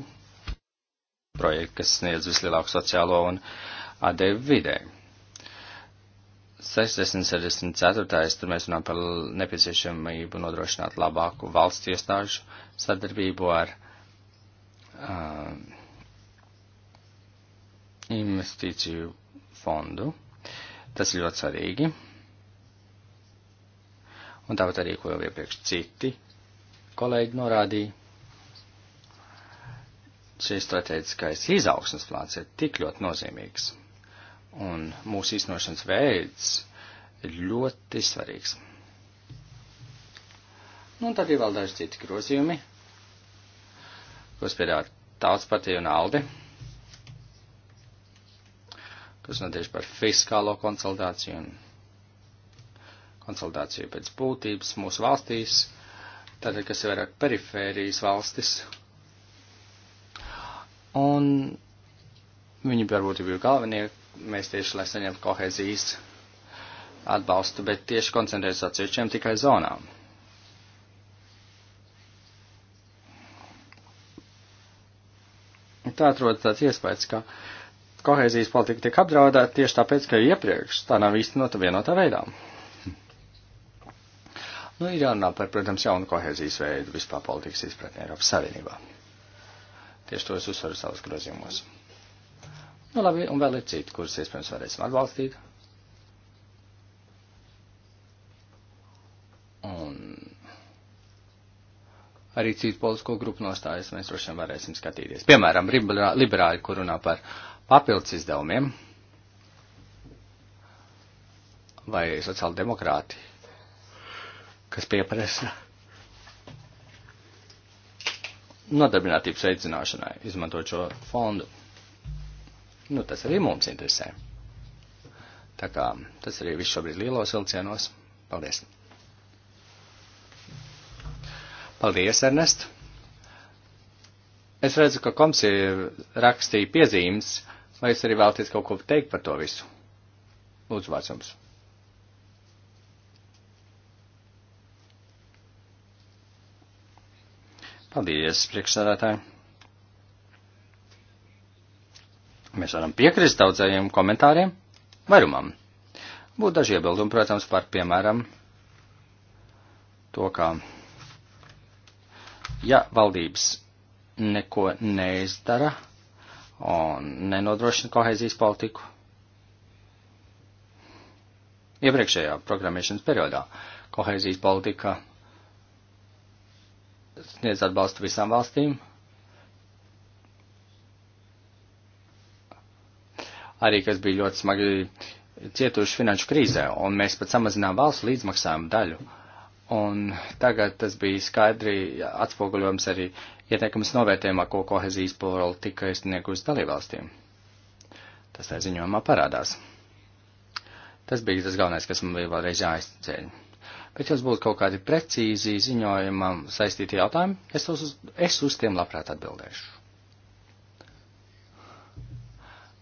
projekti, kas sniedz vislielāku sociālo un atdevi vidēju. 664. tur mēs runājam par nepieciešamību nodrošināt labāku valsts iestāžu sadarbību ar uh, investīciju fondu. Tas ir ļoti svarīgi. Un tāpat arī, ko jau iepriekš citi kolēģi norādīja, šis strateģiskais izaugsmas plāns ir tik ļoti nozīmīgs un mūsu īstenošanas veids ir ļoti svarīgs. Nu, un tad ir vēl daži citi grozījumi, ko spiedāt tautas partija un aldi, kas notiek par fiskālo konsolidāciju un konsolidāciju pēc būtības mūsu valstīs, tātad, kas ir vairāk perifērijas valstis. Un viņi varbūt bija galvenie mēs tieši, lai saņemtu kohēzijas atbalstu, bet tieši koncentrēties atsevišķiem tikai zonām. Tā atrodas tāds iespējas, ka kohēzijas politika tiek apdraudēta tieši tāpēc, ka iepriekš tā nav īstenota vienotā veidā. Nu, ir jārunā par, protams, jaunu kohēzijas veidu vispār politikas izpratnē Eiropas Savienībā. Tieši to es uzsveru savos grozījumos. Mm. Nu, labi, un vēl ir citi, kurus iespējams varēsim atbalstīt. Un arī citu politisko grupu nostājas mēs droši vien varēsim skatīties. Piemēram, liberāļi, kur runā par papildus izdevumiem, vai sociāldemokrāti, kas pieprasa nodarbinātības veicināšanai, izmantot šo fondu. Nu, tas arī mums interesē. Tā kā tas arī viss šobrīd lielos vilcienos. Paldies! Paldies, Ernest! Es redzu, ka komisija rakstīja piezīmes, vai jūs arī vēlaties kaut ko teikt par to visu? Lūdzu, vārds jums. Paldies, priekšsādātāji. Mēs varam piekrist daudzajiem komentāriem, varumam. Būtu daži iebildumi, protams, par, piemēram, to, kā, ja valdības neko neizdara un nenodrošina kohēzijas politiku iepriekšējā programmēšanas periodā, kohēzijas politika sniedz atbalstu visām valstīm arī kas bija ļoti smagi cietuši finanšu krīzē, un mēs pat samazinām valsts līdzmaksājumu daļu. Un tagad tas bija skaidri atspoguļojums arī ieteikums novērtējumā, ko kohezijas politika izniegus dalībvalstīm. Tas tā ziņojumā parādās. Tas bija tas galvenais, kas man bija vēlreiz jāizceļ. Bet jums būtu kaut kādi precīzi ziņojumam saistīti jautājumi, es, uz, es uz tiem labprāt atbildēšu.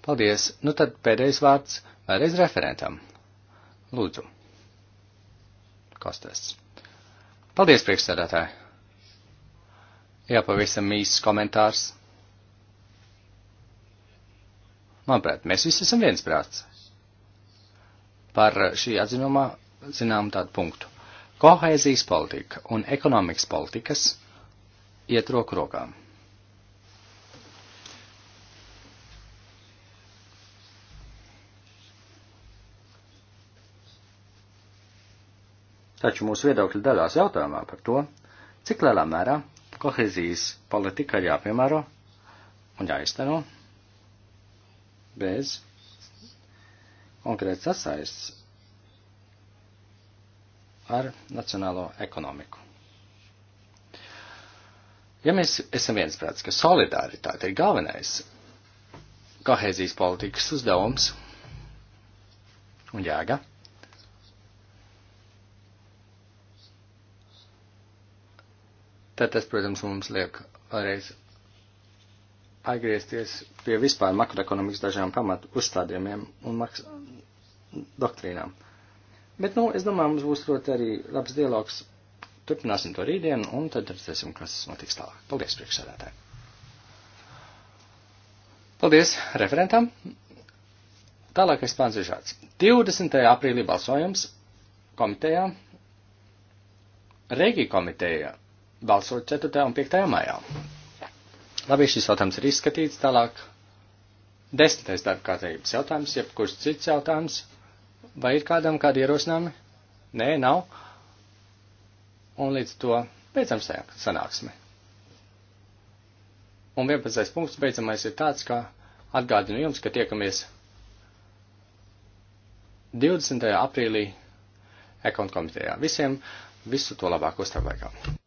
Paldies. Nu tad pēdējais vārds vēlreiz referentam. Lūdzu. Kostas. Paldies, priekšsēdētāji. Jā, pavisam īsts komentārs. Manuprāt, mēs visi esam viensprāts par šī atzinumā zinām tādu punktu. Kohēzijas politika un ekonomikas politikas iet roku rokām. Taču mūsu viedokļi dalās jautājumā par to, cik lielā mērā kohezijas politika ir jāpiemēro un jāizteno bez konkrēts sasaists ar nacionālo ekonomiku. Ja mēs esam viensprāts, ka solidaritāte ir galvenais kohēzijas politikas uzdevums un jēga, tad tas, protams, mums liek vēlreiz atgriezties pie vispār makroekonomikas dažām pamatu uzstādījumiem un maks doktrīnām. Bet, nu, es domāju, mums būs ļoti arī labs dialogs. Turpināsim to rītdien, un tad redzēsim, kas notiks tālāk. Paldies, priekšsēdētāji! Paldies referentam! Tālākais plāns ir šāds. 20. aprīlī balsojums komitejā, Regi komiteja balsot 4. un 5. maijā. Labi, šis jautājums ir izskatīts tālāk. Desmitais darba kārtības jautājums, jebkurš cits jautājums. Vai ir kādam kādi ierosinājumi? Nē, nav. Un līdz to beidzam sanāksmi. Un 11. punkts beidzamais ir tāds, ka atgādinu jums, ka tiekamies 20. aprīlī ekonomi komitejā. Visiem visu to labāko starp laikām.